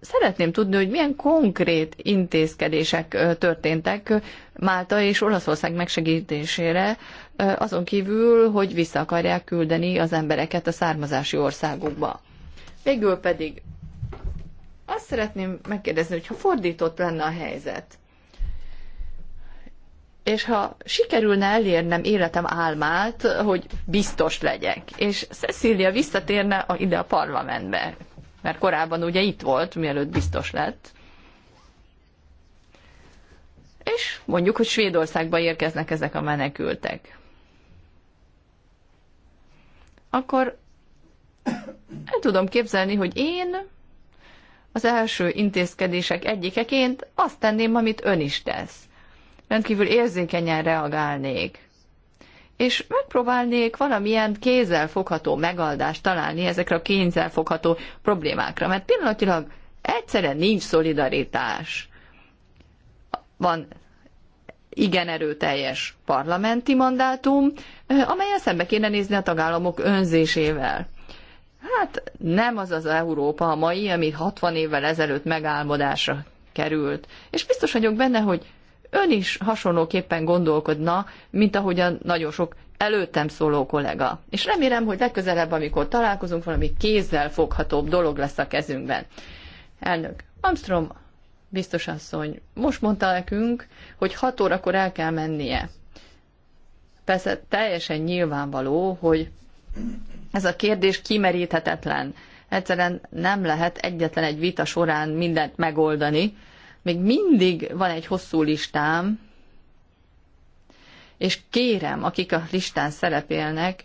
[SPEAKER 1] szeretném tudni, hogy milyen konkrét intézkedések történtek Málta és Olaszország megsegítésére, azon kívül, hogy vissza akarják küldeni az embereket a származási országukba. Végül pedig azt szeretném megkérdezni, hogy ha fordított lenne a helyzet, és ha sikerülne elérnem életem álmát, hogy biztos legyek, és Cecília visszatérne a, ide a parlamentbe, mert korábban ugye itt volt, mielőtt biztos lett, és mondjuk, hogy Svédországba érkeznek ezek a menekültek. Akkor el tudom képzelni, hogy én az első intézkedések egyikeként azt tenném, amit ön is tesz. Rendkívül érzékenyen reagálnék. És megpróbálnék valamilyen kézzelfogható megoldást találni ezekre a kézzelfogható problémákra, mert pillanatilag egyszerűen nincs szolidaritás. Van igen erőteljes parlamenti mandátum, amelyen szembe kéne nézni a tagállamok önzésével. Hát nem az az Európa a mai, ami 60 évvel ezelőtt megálmodásra került. És biztos vagyok benne, hogy ön is hasonlóképpen gondolkodna, mint ahogyan nagyon sok előttem szóló kollega. És remélem, hogy legközelebb, amikor találkozunk, valami kézzel foghatóbb dolog lesz a kezünkben. Elnök, Armstrong biztos asszony, most mondta nekünk, hogy 6 órakor el kell mennie. Persze teljesen nyilvánvaló, hogy ez a kérdés kimeríthetetlen. Egyszerűen nem lehet egyetlen egy vita során mindent megoldani. Még mindig van egy hosszú listám, és kérem, akik a listán szerepelnek,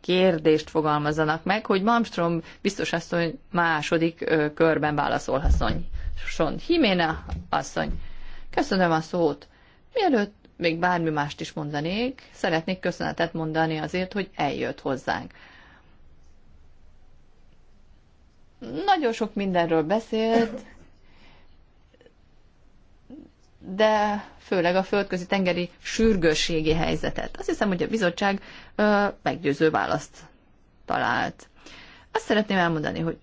[SPEAKER 1] kérdést fogalmazzanak meg, hogy Malmström biztos asszony második ö, körben válaszolhasson. Son, Hiména asszony, köszönöm a szót. Mielőtt még bármi mást is mondanék, szeretnék köszönetet mondani azért, hogy eljött hozzánk. Nagyon sok mindenről beszélt, de főleg a földközi tengeri sürgősségi helyzetet. Azt hiszem, hogy a bizottság ö, meggyőző választ talált. Azt szeretném elmondani, hogy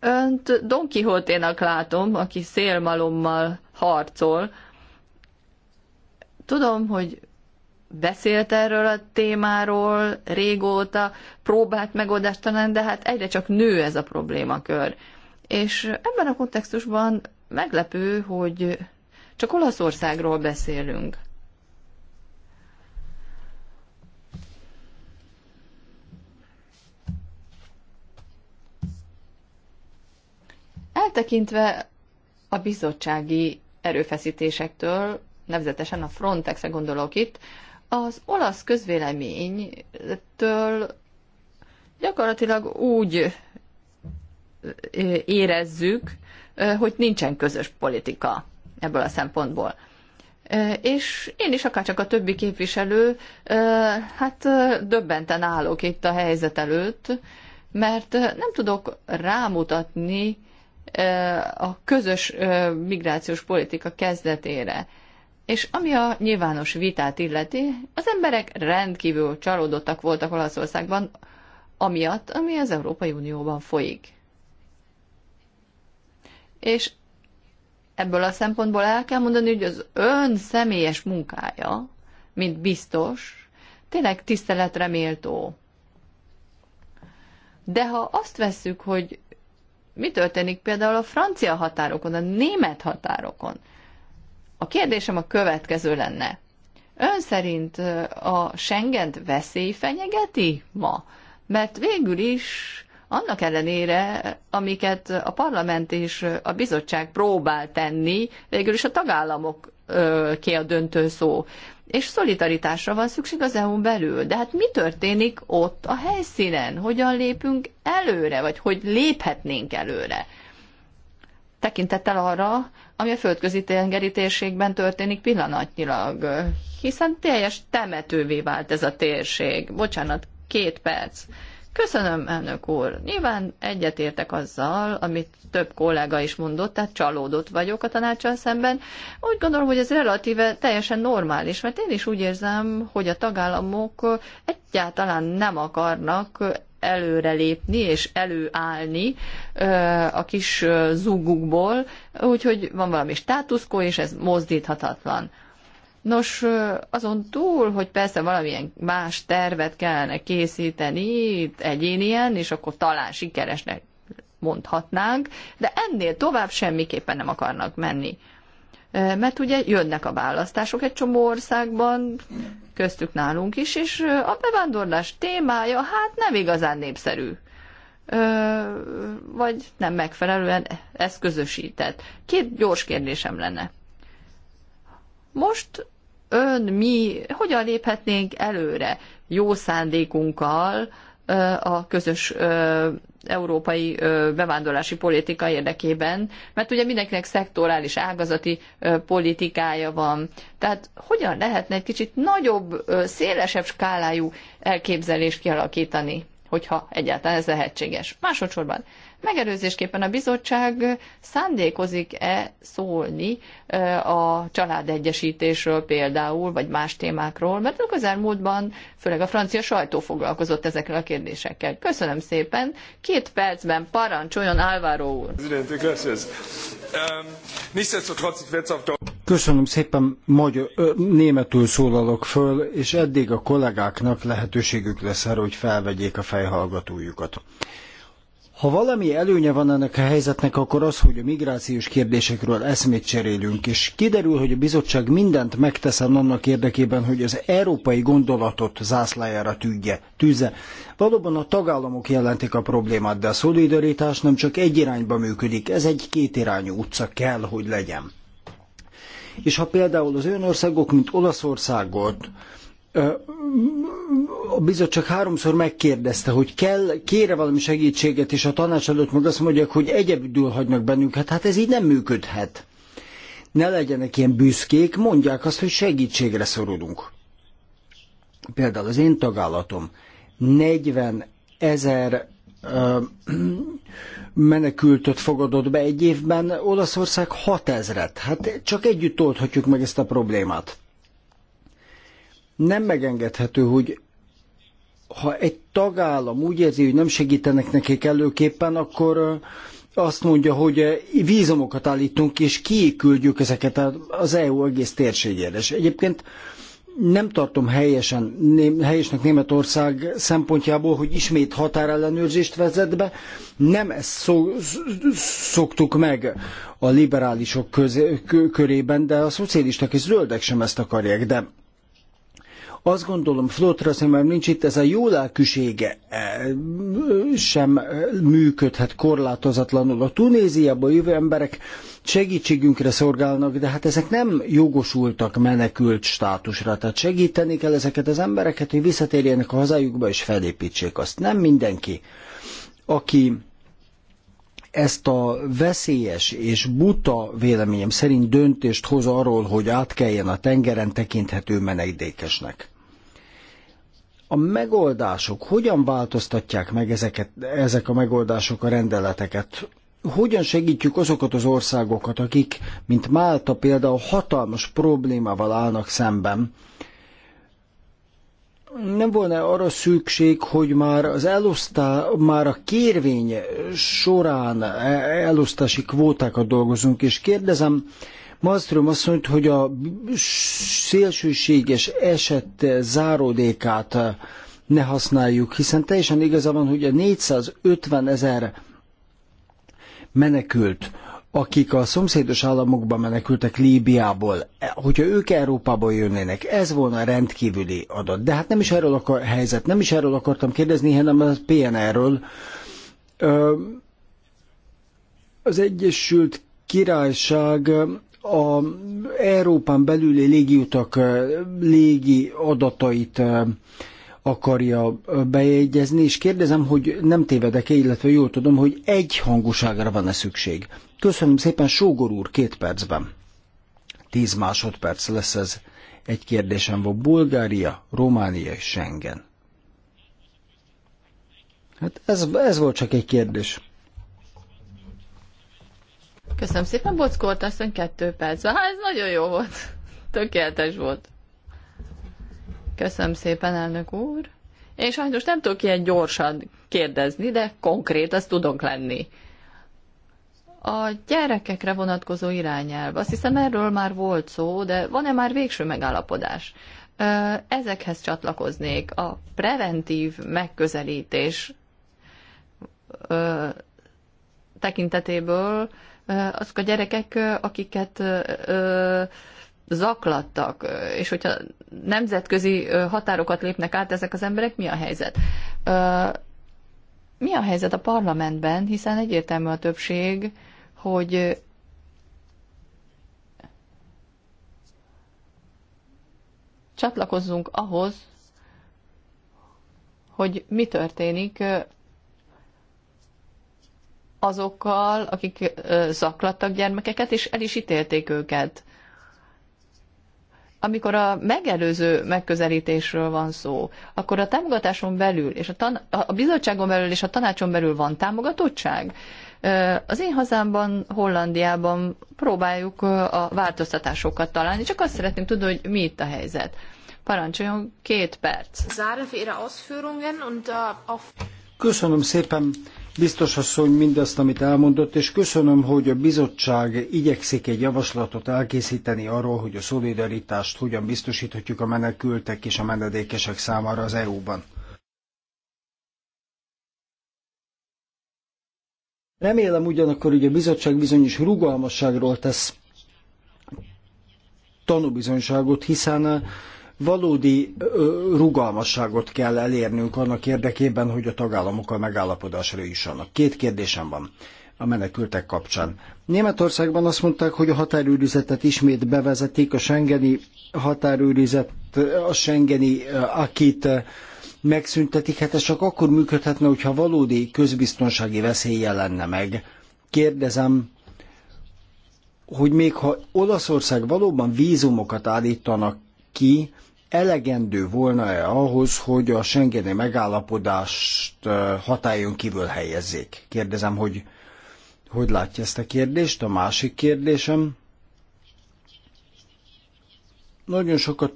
[SPEAKER 1] önt Don Quixote-nak látom, aki szélmalommal harcol, Tudom, hogy beszélt erről a témáról régóta, próbált megoldást találni, de hát egyre csak nő ez a problémakör. És ebben a kontextusban meglepő, hogy csak Olaszországról beszélünk. Eltekintve a bizottsági erőfeszítésektől, nevezetesen a Frontexre gondolok itt, az olasz közvéleménytől gyakorlatilag úgy érezzük, hogy nincsen közös politika ebből a szempontból. És én is, akárcsak a többi képviselő, hát döbbenten állok itt a helyzet előtt, mert nem tudok rámutatni a közös migrációs politika kezdetére. És ami a nyilvános vitát illeti, az emberek rendkívül csalódottak voltak Olaszországban, amiatt, ami az Európai Unióban folyik. És ebből a szempontból el kell mondani, hogy az ön személyes munkája, mint biztos, tényleg tiszteletre méltó. De ha azt vesszük, hogy mi történik például a francia határokon, a német határokon, a kérdésem a következő lenne. Ön szerint a schengen veszély fenyegeti ma? Mert végül is annak ellenére, amiket a parlament és a bizottság próbál tenni, végül is a tagállamok ki a döntő szó. És szolidaritásra van szükség az EU-n belül. De hát mi történik ott a helyszínen? Hogyan lépünk előre, vagy hogy léphetnénk előre? Tekintettel arra, ami a földközi tengeri térségben történik pillanatnyilag, hiszen teljes temetővé vált ez a térség. Bocsánat, két perc. Köszönöm, elnök úr. Nyilván egyetértek azzal, amit több kollega is mondott, tehát csalódott vagyok a tanácsal szemben. Úgy gondolom, hogy ez relatíve teljesen normális, mert én is úgy érzem, hogy a tagállamok egyáltalán nem akarnak előrelépni és előállni a kis zugukból, úgyhogy van valami státuszkó, és ez mozdíthatatlan. Nos, azon túl, hogy persze valamilyen más tervet kellene készíteni egyénien, és akkor talán sikeresnek mondhatnánk, de ennél tovább semmiképpen nem akarnak menni. Mert ugye jönnek a választások egy csomó országban, köztük nálunk is, és a bevándorlás témája hát nem igazán népszerű, vagy nem megfelelően eszközösített. Két gyors kérdésem lenne. Most ön mi, hogyan léphetnénk előre jó szándékunkkal, a közös európai bevándorlási politika érdekében, mert ugye mindenkinek szektorális ágazati politikája van. Tehát hogyan lehetne egy kicsit nagyobb, szélesebb skálájú elképzelést kialakítani, hogyha egyáltalán ez lehetséges. Másodszorban Megelőzésképpen a bizottság szándékozik-e szólni a családegyesítésről például, vagy más témákról, mert a közelmúltban főleg a francia sajtó foglalkozott ezekkel a kérdésekkel. Köszönöm szépen. Két percben parancsoljon Álvaro úr.
[SPEAKER 3] Um,
[SPEAKER 2] Köszönöm szépen, magyar, németül szólalok föl, és eddig a kollégáknak lehetőségük lesz arra, hogy felvegyék a fejhallgatójukat. Ha valami előnye van ennek a helyzetnek, akkor az, hogy a migrációs kérdésekről eszmét cserélünk, és kiderül, hogy a bizottság mindent megteszem annak érdekében, hogy az európai gondolatot zászlájára tűgje, tűzze. Valóban a tagállamok jelentik a problémát, de a szolidaritás nem csak egy irányba működik, ez egy kétirányú utca kell, hogy legyen. És ha például az országok, mint Olaszországot, a bizottság háromszor megkérdezte, hogy kell, kére valami segítséget, és a tanács előtt meg azt mondják, hogy egyedül hagynak bennünket, hát ez így nem működhet. Ne legyenek ilyen büszkék, mondják azt, hogy segítségre szorulunk. Például az én tagállatom 40 ezer menekültöt fogadott be egy évben, Olaszország 6000 Hát csak együtt oldhatjuk meg ezt a problémát. Nem megengedhető, hogy ha egy tagállam úgy érzi, hogy nem segítenek nekik előképpen, akkor azt mondja, hogy vízumokat állítunk, és kiküldjük ezeket az EU egész térségére. És egyébként nem tartom helyesen, helyesnek Németország szempontjából, hogy ismét határellenőrzést vezet be. Nem ezt szoktuk meg a liberálisok körében, de a szocialisták és zöldek sem ezt akarják. De azt gondolom, Flotra szemem nincs itt, ez a jó lelkűsége eh, sem eh, működhet korlátozatlanul. A Tunéziába jövő emberek segítségünkre szorgálnak, de hát ezek nem jogosultak menekült státusra. Tehát segíteni kell ezeket az embereket, hogy visszatérjenek a hazájukba és felépítsék azt. Nem mindenki, aki ezt a veszélyes és buta véleményem szerint döntést hoz arról, hogy átkeljen a tengeren tekinthető menedékesnek a megoldások, hogyan változtatják meg ezeket, ezek a megoldások a rendeleteket? Hogyan segítjük azokat az országokat, akik, mint Málta például, hatalmas problémával állnak szemben? Nem volna arra szükség, hogy már az elosztá, már a kérvény során e-, elosztási kvótákat dolgozunk, és kérdezem, Malmström mondta, hogy a szélsőséges eset záródékát ne használjuk, hiszen teljesen igaza van, hogy a 450 ezer menekült, akik a szomszédos államokban menekültek Líbiából, hogyha ők Európába jönnének, ez volna rendkívüli adat. De hát nem is erről akar helyzet, nem is erről akartam kérdezni, hanem a PNR-ről. Az Egyesült Királyság a Európán belüli légiutak légi adatait akarja bejegyezni, és kérdezem, hogy nem tévedek-e, illetve jól tudom, hogy egy hangúságra van-e szükség. Köszönöm szépen, Sógor úr, két percben. Tíz másodperc lesz ez. Egy kérdésem van, Bulgária, Románia és Schengen. Hát ez, ez volt csak egy kérdés.
[SPEAKER 1] Köszönöm szépen, Bockolt mondja, kettő perc. Hát ez nagyon jó volt. Tökéletes volt. Köszönöm szépen, elnök úr. Én sajnos nem tudok ilyen gyorsan kérdezni, de konkrét, azt tudok lenni. A gyerekekre vonatkozó irányelv, azt hiszem erről már volt szó, de van-e már végső megállapodás? Ezekhez csatlakoznék. A preventív megközelítés tekintetéből azok a gyerekek, akiket zaklattak, és hogyha nemzetközi határokat lépnek át ezek az emberek, mi a helyzet? Mi a helyzet a parlamentben, hiszen egyértelmű a többség, hogy csatlakozzunk ahhoz, hogy mi történik azokkal, akik zaklattak gyermekeket, és el is ítélték őket. Amikor a megelőző megközelítésről van szó, akkor a támogatáson belül, és a, tan- a bizottságon belül és a tanácson belül van támogatottság? Az én hazámban, Hollandiában próbáljuk a változtatásokat találni, csak azt szeretném tudni, hogy mi itt a helyzet. Parancsoljon két perc. Äh,
[SPEAKER 2] Köszönöm szépen biztos asszony mindazt, amit elmondott, és köszönöm, hogy a bizottság igyekszik egy javaslatot elkészíteni arról, hogy a szolidaritást hogyan biztosíthatjuk a menekültek és a menedékesek számára az EU-ban. Remélem ugyanakkor, hogy a bizottság bizonyos rugalmasságról tesz tanúbizonyságot, hiszen Valódi rugalmasságot kell elérnünk annak érdekében, hogy a tagállamokkal megállapodásra jussanak. Két kérdésem van a menekültek kapcsán. Németországban azt mondták, hogy a határőrizetet ismét bevezetik, a Schengeni határőrizet, a Schengeni akit megszüntetik, hát ez csak akkor működhetne, hogyha valódi közbiztonsági veszélye lenne meg. Kérdezem, hogy még ha Olaszország valóban vízumokat állítanak ki, elegendő volna-e ahhoz, hogy a Schengeni megállapodást hatályon kívül helyezzék? Kérdezem, hogy hogy látja ezt a kérdést? A másik kérdésem. Nagyon sokat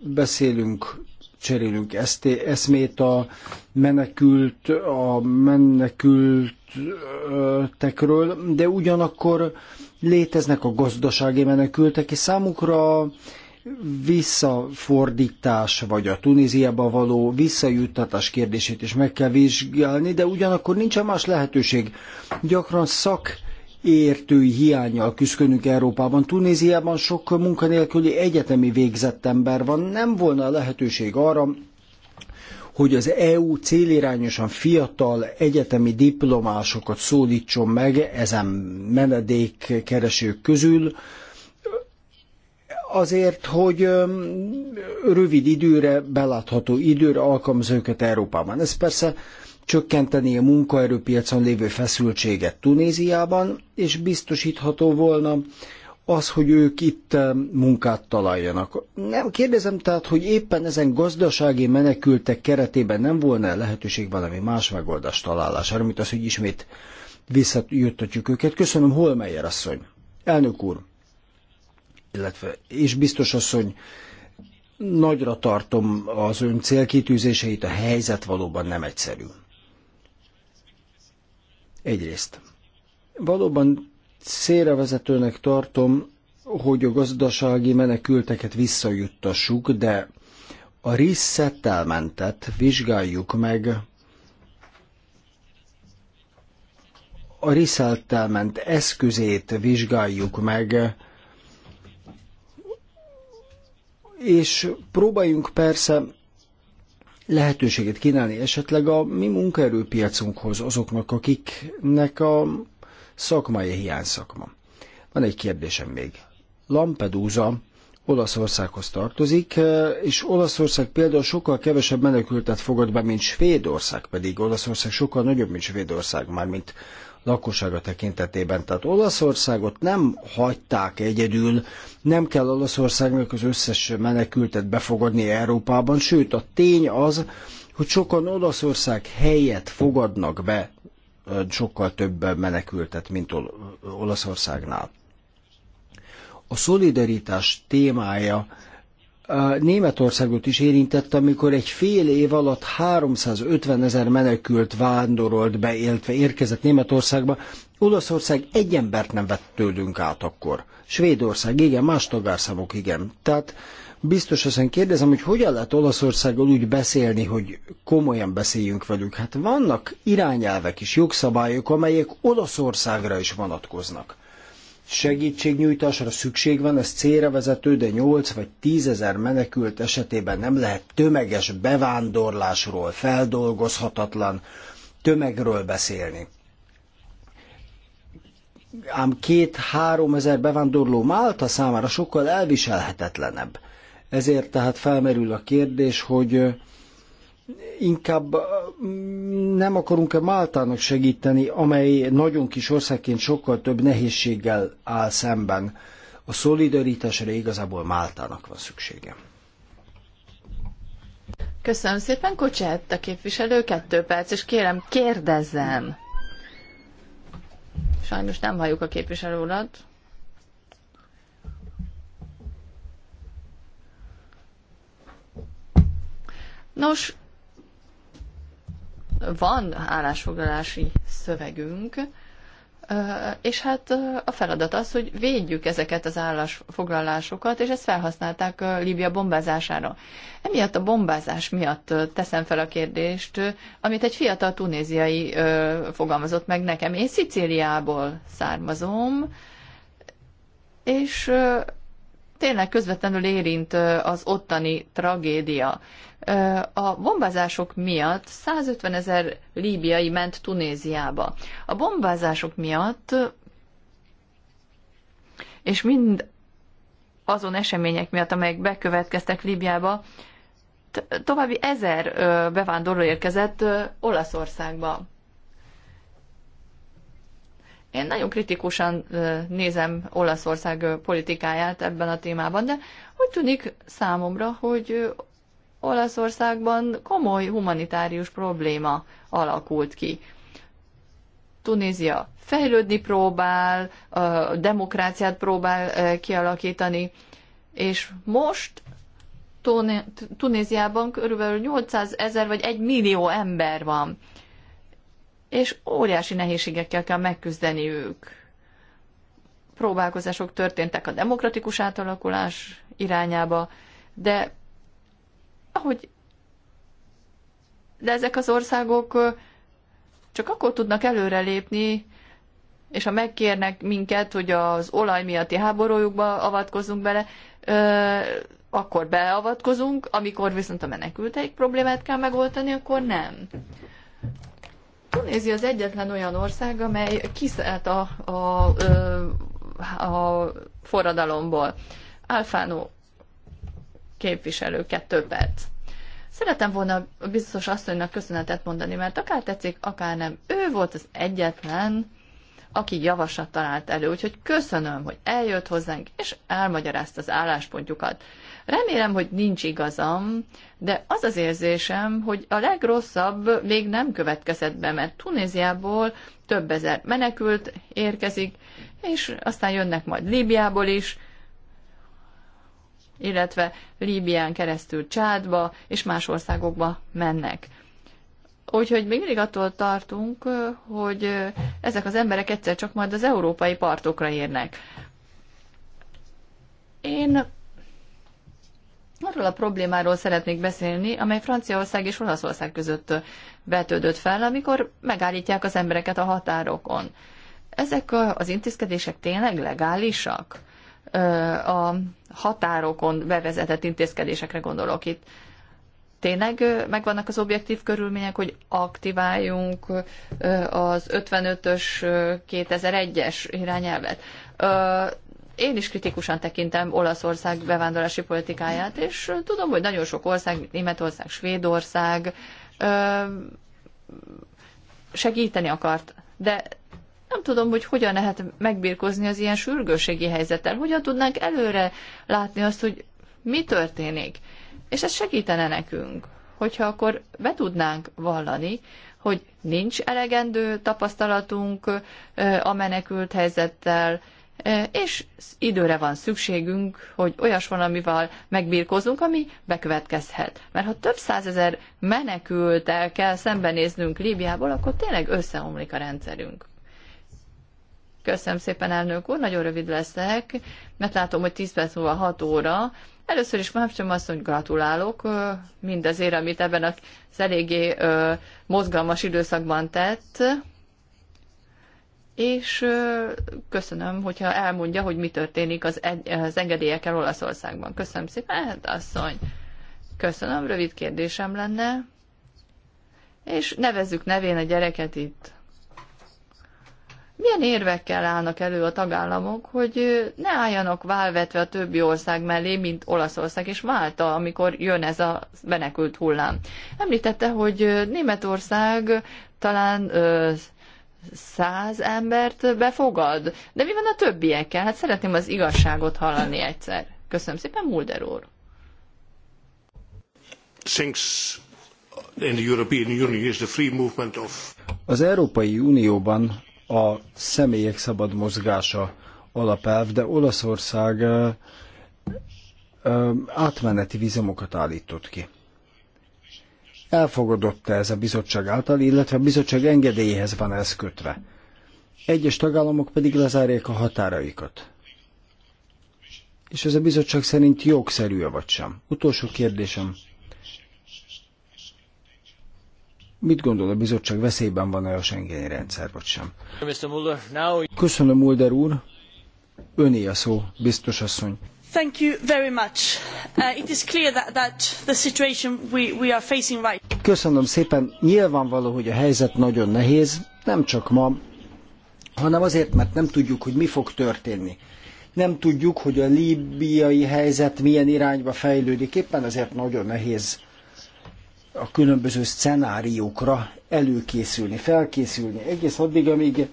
[SPEAKER 2] beszélünk, cserélünk ezt, eszmét a menekült, a menekültekről, de ugyanakkor léteznek a gazdasági menekültek, és számukra visszafordítás, vagy a Tunéziába való visszajuttatás kérdését is meg kell vizsgálni, de ugyanakkor nincsen más lehetőség. Gyakran szak értői hiányjal küzdködünk Európában. Tunéziában sok munkanélküli egyetemi végzett ember van. Nem volna lehetőség arra, hogy az EU célirányosan fiatal egyetemi diplomásokat szólítson meg ezen menedékkeresők közül, azért, hogy rövid időre, belátható időre alkalmaz őket Európában. Ez persze csökkenteni a munkaerőpiacon lévő feszültséget Tunéziában, és biztosítható volna az, hogy ők itt munkát találjanak. Nem kérdezem tehát, hogy éppen ezen gazdasági menekültek keretében nem volna lehetőség valami más megoldást találására, mint az, hogy ismét visszajuttatjuk őket. Köszönöm, Holmeyer asszony. Elnök úr, illetve, és biztos asszony, nagyra tartom az ön célkitűzéseit, a helyzet valóban nem egyszerű. Egyrészt, valóban szélrevezetőnek tartom, hogy a gazdasági menekülteket visszajuttassuk, de a risszettelmentet vizsgáljuk meg. A resettlement eszközét vizsgáljuk meg, és próbáljunk persze lehetőséget kínálni esetleg a mi munkaerőpiacunkhoz azoknak, akiknek a szakmai hiány szakma. Van egy kérdésem még. Lampedusa Olaszországhoz tartozik, és Olaszország például sokkal kevesebb menekültet fogad be, mint Svédország, pedig Olaszország sokkal nagyobb, mint Svédország, mármint lakossága tekintetében. Tehát Olaszországot nem hagyták egyedül, nem kell Olaszországnak az összes menekültet befogadni Európában, sőt a tény az, hogy sokan Olaszország helyet fogadnak be sokkal több menekültet, mint Ol Olaszországnál. A szolidaritás témája Németországot is érintett, amikor egy fél év alatt 350 ezer menekült vándorolt be, illetve érkezett Németországba. Olaszország egy embert nem vett tőlünk át akkor. Svédország, igen, más tagárszámok, igen. Tehát biztos ezen kérdezem, hogy hogyan lehet Olaszországgal úgy beszélni, hogy komolyan beszéljünk velük. Hát vannak irányelvek is, jogszabályok, amelyek Olaszországra is vonatkoznak segítségnyújtásra szükség van, ez célra vezető, de 8 vagy 10 ezer menekült esetében nem lehet tömeges bevándorlásról, feldolgozhatatlan tömegről beszélni. Ám két-három ezer bevándorló Málta számára sokkal elviselhetetlenebb. Ezért tehát felmerül a kérdés, hogy inkább mm, nem akarunk-e Máltának segíteni, amely nagyon kis országként sokkal több nehézséggel áll szemben. A szolidaritásra igazából Máltának van szüksége.
[SPEAKER 1] Köszönöm szépen, Kocsát a képviselő, kettő perc, és kérem, kérdezzem. Sajnos nem halljuk a képviselő urat. Nos, van állásfoglalási szövegünk, és hát a feladat az, hogy védjük ezeket az állásfoglalásokat, és ezt felhasználták Líbia bombázására. Emiatt a bombázás miatt teszem fel a kérdést, amit egy fiatal tunéziai fogalmazott meg nekem. Én Szicíliából származom, és tényleg közvetlenül érint az ottani tragédia. A bombázások miatt 150 ezer líbiai ment Tunéziába. A bombázások miatt, és mind azon események miatt, amelyek bekövetkeztek Líbiába, további ezer bevándorló érkezett Olaszországba. Én nagyon kritikusan nézem Olaszország politikáját ebben a témában, de úgy tűnik számomra, hogy Olaszországban komoly humanitárius probléma alakult ki. Tunézia fejlődni próbál, a demokráciát próbál kialakítani, és most Tunéziában körülbelül 800 ezer vagy 1 millió ember van és óriási nehézségekkel kell megküzdeniük. Próbálkozások történtek a demokratikus átalakulás irányába, de ahogy de ezek az országok csak akkor tudnak előrelépni, és ha megkérnek minket, hogy az olaj miatti háborújukba avatkozzunk bele, akkor beavatkozunk, amikor viszont a menekülteik problémát kell megoldani, akkor nem. Indonézia az egyetlen olyan ország, amely kiszállt a, a, a forradalomból. Alfánó képviselő, kettő perc. Szeretem volna biztos asszonynak köszönetet mondani, mert akár tetszik, akár nem. Ő volt az egyetlen, aki javaslat talált elő, úgyhogy köszönöm, hogy eljött hozzánk, és elmagyarázta az álláspontjukat. Remélem, hogy nincs igazam, de az az érzésem, hogy a legrosszabb még nem következett be, mert Tunéziából több ezer menekült érkezik, és aztán jönnek majd Líbiából is, illetve Líbián keresztül Csádba és más országokba mennek. Úgyhogy még mindig attól tartunk, hogy ezek az emberek egyszer csak majd az európai partokra érnek. Én Arról a problémáról szeretnék beszélni, amely Franciaország és Olaszország között vetődött fel, amikor megállítják az embereket a határokon. Ezek az intézkedések tényleg legálisak? A határokon bevezetett intézkedésekre gondolok itt. Tényleg megvannak az objektív körülmények, hogy aktiváljunk az 55-ös 2001-es irányelvet én is kritikusan tekintem Olaszország bevándorlási politikáját, és tudom, hogy nagyon sok ország, Németország, Svédország segíteni akart, de nem tudom, hogy hogyan lehet megbírkozni az ilyen sürgőségi helyzettel, hogyan tudnánk előre látni azt, hogy mi történik. És ez segítene nekünk, hogyha akkor be tudnánk vallani, hogy nincs elegendő tapasztalatunk a menekült helyzettel, és időre van szükségünk, hogy olyas van amivel megbírkozunk, ami bekövetkezhet. Mert ha több százezer menekültel kell szembenéznünk Líbiából, akkor tényleg összeomlik a rendszerünk. Köszönöm szépen, elnök úr, nagyon rövid leszek, mert látom, hogy 10 perc múlva 6 óra. Először is Mávcsom azt, hogy gratulálok mindazért, amit ebben az eléggé mozgalmas időszakban tett és köszönöm, hogyha elmondja, hogy mi történik az, az engedélyekkel Olaszországban. Köszönöm szépen, hát asszony. Köszönöm, rövid kérdésem lenne. És nevezzük nevén a gyereket itt. Milyen érvekkel állnak elő a tagállamok, hogy ne álljanak válvetve a többi ország mellé, mint Olaszország és Málta, amikor jön ez a menekült hullám? Említette, hogy Németország talán száz embert befogad. De mi van a többiekkel? Hát szeretném az igazságot hallani egyszer. Köszönöm szépen, Mulder úr.
[SPEAKER 2] Az Európai Unióban a személyek szabad mozgása alapelv, de Olaszország átmeneti vizumokat állított ki elfogadott-e ez a bizottság által, illetve a bizottság engedélyéhez van ez kötve. Egyes tagállamok pedig lezárják a határaikat. És ez a bizottság szerint jogszerű -e vagy sem? Utolsó kérdésem. Mit gondol a bizottság, veszélyben van-e a Schengeni rendszer, vagy sem? Köszönöm, Mulder úr. Öné a szó, biztos asszony. Köszönöm szépen. Nyilvánvaló, hogy a helyzet nagyon nehéz, nem csak ma, hanem azért, mert nem tudjuk, hogy mi fog történni. Nem tudjuk, hogy a líbiai helyzet milyen irányba fejlődik, éppen ezért nagyon nehéz a különböző szenáriókra előkészülni, felkészülni, egész addig, amíg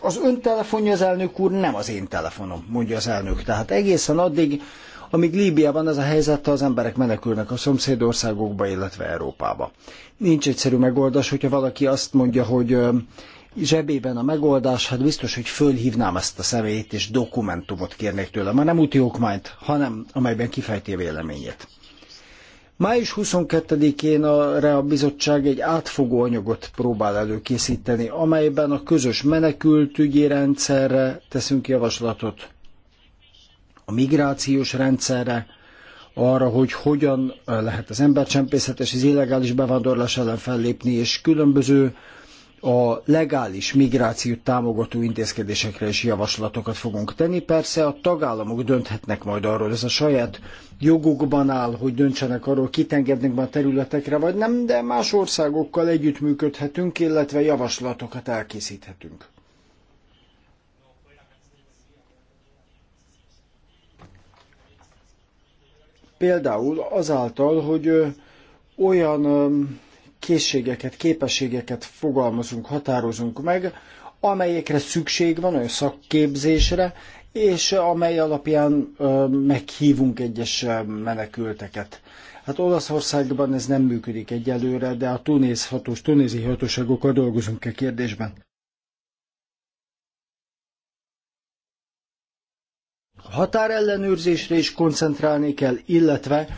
[SPEAKER 2] az ön telefonja az elnök úr, nem az én telefonom, mondja az elnök. Tehát egészen addig, amíg Líbiában az a helyzet, az emberek menekülnek a szomszédországokba, illetve Európába. Nincs egyszerű megoldás, hogyha valaki azt mondja, hogy zsebében a megoldás, hát biztos, hogy fölhívnám ezt a személyt, és dokumentumot kérnék tőle. Már nem úti okmányt, hanem amelyben kifejti a véleményét. Május 22-én a bizottság egy átfogó anyagot próbál előkészíteni, amelyben a közös menekültügyi rendszerre teszünk javaslatot, a migrációs rendszerre, arra, hogy hogyan lehet az embercsempészet és az illegális bevándorlás ellen fellépni, és különböző a legális migrációt támogató intézkedésekre is javaslatokat fogunk tenni. Persze a tagállamok dönthetnek majd arról, ez a saját jogukban áll, hogy döntsenek arról, kit engednek be a területekre, vagy nem, de más országokkal együttműködhetünk, illetve javaslatokat elkészíthetünk. Például azáltal, hogy olyan készségeket, képességeket fogalmazunk, határozunk meg, amelyekre szükség van, olyan szakképzésre, és amely alapján meghívunk egyes menekülteket. Hát Olaszországban ez nem működik egyelőre, de a tunéz hatós, tunézi hatóságokkal dolgozunk e kérdésben. határellenőrzésre is koncentrálni kell, illetve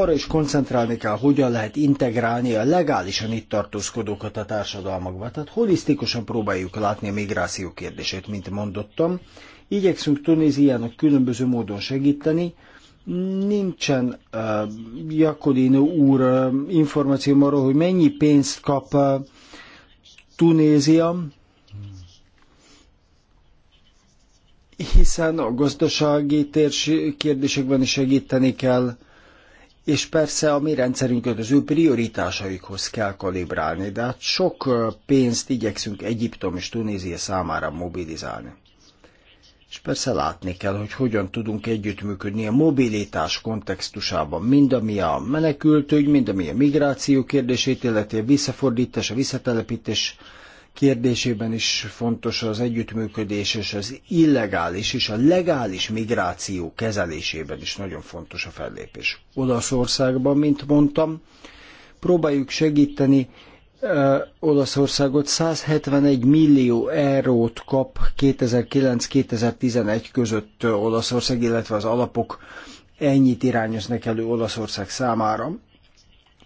[SPEAKER 2] arra is koncentrálni kell, hogyan lehet integrálni a legálisan itt tartózkodókat a társadalmakba. Tehát holisztikusan próbáljuk látni a migráció kérdését, mint mondottam. Igyekszünk Tunéziának különböző módon segíteni, nincsen uh, Jakolino úr uh, információm arról, hogy mennyi pénzt kap uh, Tunézia, hiszen a gazdasági térs kérdésekben is segíteni kell, és persze a mi rendszerünket az ő prioritásaikhoz kell kalibrálni, de hát sok pénzt igyekszünk Egyiptom és Tunézia számára mobilizálni. És persze látni kell, hogy hogyan tudunk együttműködni a mobilitás kontextusában, mind ami a menekültügy, mind ami a migráció kérdését illeti, a visszafordítás, a visszatelepítés kérdésében is fontos az együttműködés, és az illegális és a legális migráció kezelésében is nagyon fontos a fellépés. Olaszországban, mint mondtam, próbáljuk segíteni eh, Olaszországot 171 millió eurót kap 2009-2011 között Olaszország, illetve az alapok ennyit irányoznak elő Olaszország számára.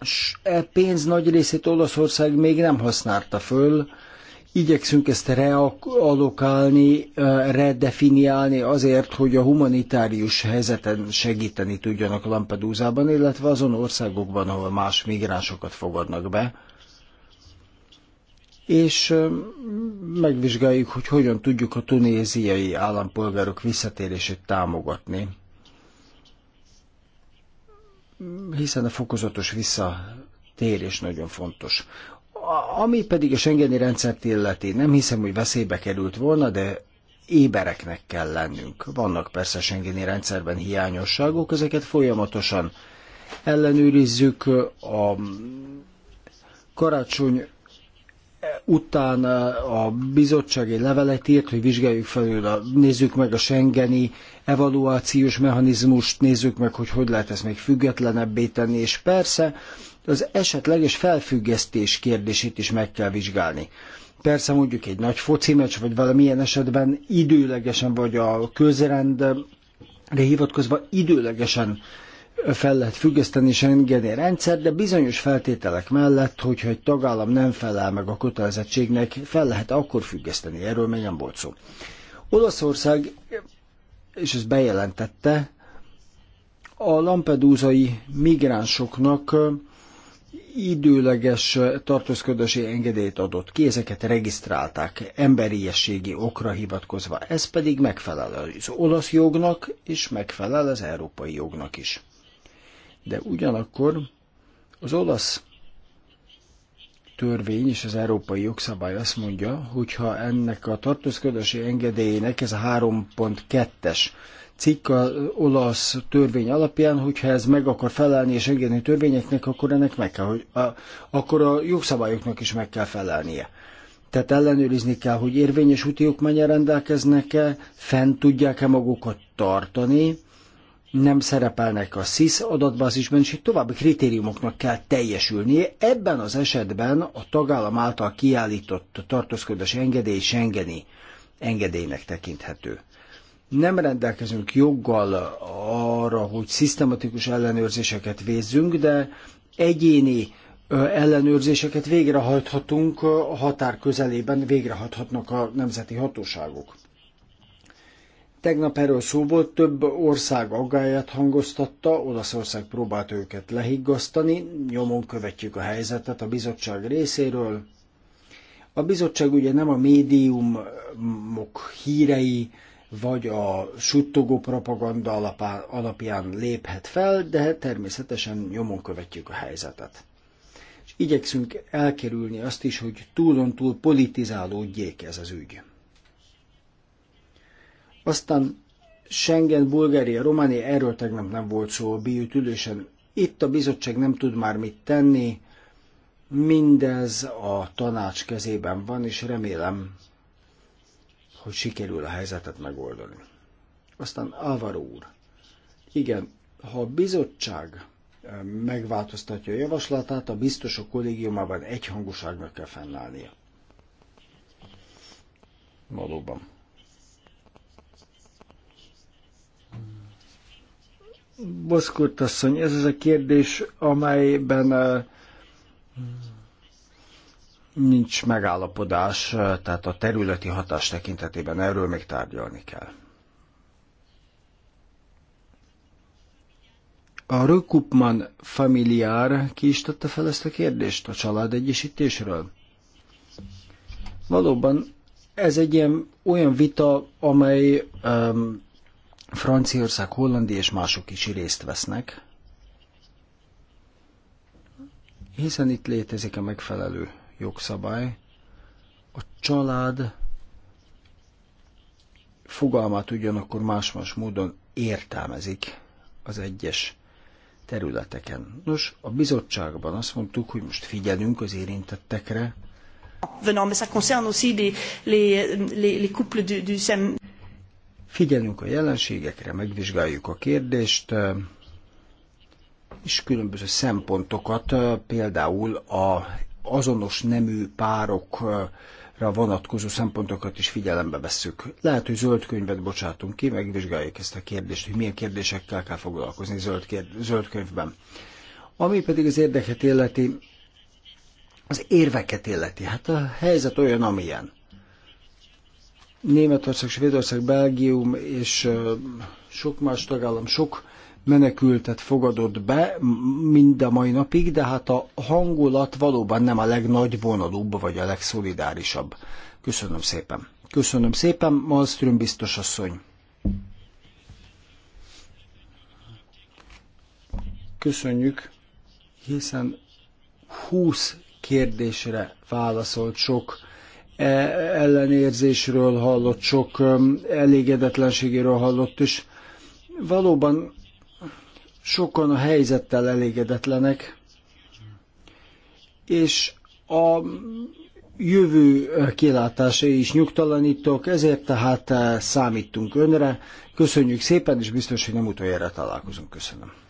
[SPEAKER 2] S e pénz nagy részét Olaszország még nem használta föl, Igyekszünk ezt realokálni, redefiniálni azért, hogy a humanitárius helyzeten segíteni tudjanak Lampedúzában, illetve azon országokban, ahol más migránsokat fogadnak be. És megvizsgáljuk, hogy hogyan tudjuk a tunéziai állampolgárok visszatérését támogatni hiszen a fokozatos visszatérés nagyon fontos. Ami pedig a Schengeni rendszert illeti, nem hiszem, hogy veszélybe került volna, de ébereknek kell lennünk. Vannak persze Schengeni rendszerben hiányosságok, ezeket folyamatosan ellenőrizzük. A karácsony után a bizottság egy levelet írt, hogy vizsgáljuk felül, nézzük meg a Schengeni evaluációs mechanizmust, nézzük meg, hogy hogy lehet ezt még függetlenebbé tenni, és persze az esetleges felfüggesztés kérdését is meg kell vizsgálni. Persze mondjuk egy nagy foci meccs, vagy valamilyen esetben időlegesen, vagy a közrendre hivatkozva időlegesen fel lehet függeszteni és engedni rendszer, de bizonyos feltételek mellett, hogyha egy tagállam nem felel meg a kötelezettségnek, fel lehet akkor függeszteni. Erről még nem volt szó. Olaszország, és ezt bejelentette, a lampedúzai migránsoknak időleges tartózkodási engedélyt adott ki, ezeket regisztrálták emberiességi okra hivatkozva. Ez pedig megfelel az olasz jognak, és megfelel az európai jognak is. De ugyanakkor az olasz törvény és az európai jogszabály azt mondja, hogyha ennek a tartózkodási engedélynek ez a 3.2-es cikk az olasz törvény alapján, hogyha ez meg akar felelni és engedni törvényeknek, akkor ennek meg kell, hogy a, akkor a jogszabályoknak is meg kell felelnie. Tehát ellenőrizni kell, hogy érvényes úti okmányra rendelkeznek-e, fent tudják-e magukat tartani, nem szerepelnek a SIS adatbázisban, és így további kritériumoknak kell teljesülnie. Ebben az esetben a tagállam által kiállított tartózkodási engedély Schengeni engedélynek tekinthető nem rendelkezünk joggal arra, hogy szisztematikus ellenőrzéseket vézzünk, de egyéni ellenőrzéseket végrehajthatunk a határ közelében, végrehajthatnak a nemzeti hatóságok. Tegnap erről szó volt, több ország aggáját hangoztatta, Olaszország próbált őket lehiggasztani, nyomon követjük a helyzetet a bizottság részéről. A bizottság ugye nem a médiumok hírei, vagy a suttogó propaganda alapján léphet fel, de természetesen nyomon követjük a helyzetet. És igyekszünk elkerülni azt is, hogy túlontúl politizálódjék ez az ügy. Aztán Schengen, Bulgária, Románia, erről tegnap nem volt szó a biut ülésen. Itt a bizottság nem tud már mit tenni, mindez a tanács kezében van, és remélem, hogy sikerül a helyzetet megoldani. Aztán Álvaro úr. Igen, ha a bizottság eh, megváltoztatja a javaslatát, a biztosok kollégiumában egyhangúságnak kell fennállnia. Valóban. Boszkurt asszony, ez az a kérdés, amelyben eh, nincs megállapodás, tehát a területi hatás tekintetében erről még tárgyalni kell. A Rökupman familiár ki is tette fel ezt a kérdést a család egyesítésről. Valóban ez egy ilyen, olyan vita, amely um, Franciaország, Hollandi és mások is részt vesznek, hiszen itt létezik a megfelelő jogszabály a család fogalmát ugyanakkor más-más módon értelmezik az egyes területeken. Nos, a bizottságban azt mondtuk, hogy most figyelünk az érintettekre.
[SPEAKER 3] Venant, mais ça concerne aussi les, les, les, couples du, SEM.
[SPEAKER 2] Figyelünk a jelenségekre, megvizsgáljuk a kérdést, eh, és különböző szempontokat, eh, például a azonos nemű párokra vonatkozó szempontokat is figyelembe vesszük. Lehet, hogy zöld könyvet bocsátunk ki, megvizsgáljuk ezt a kérdést, hogy milyen kérdésekkel kell foglalkozni zöld, kérd, zöld könyvben. Ami pedig az érdeket illeti, az érveket illeti. Hát a helyzet olyan, amilyen. Németország, Svédország, Belgium és sok más tagállam sok menekültet fogadott be mind a mai napig, de hát a hangulat valóban nem a legnagy vonalúbb vagy a legszolidárisabb. Köszönöm szépen. Köszönöm szépen, Malmström biztos asszony. Köszönjük, hiszen 20 kérdésre válaszolt sok e- ellenérzésről hallott, sok elégedetlenségéről hallott, és valóban sokan a helyzettel elégedetlenek, és a jövő kilátásai is nyugtalanítók, ezért tehát eh, számítunk önre. Köszönjük szépen, és biztos, hogy nem utoljára találkozunk. Köszönöm.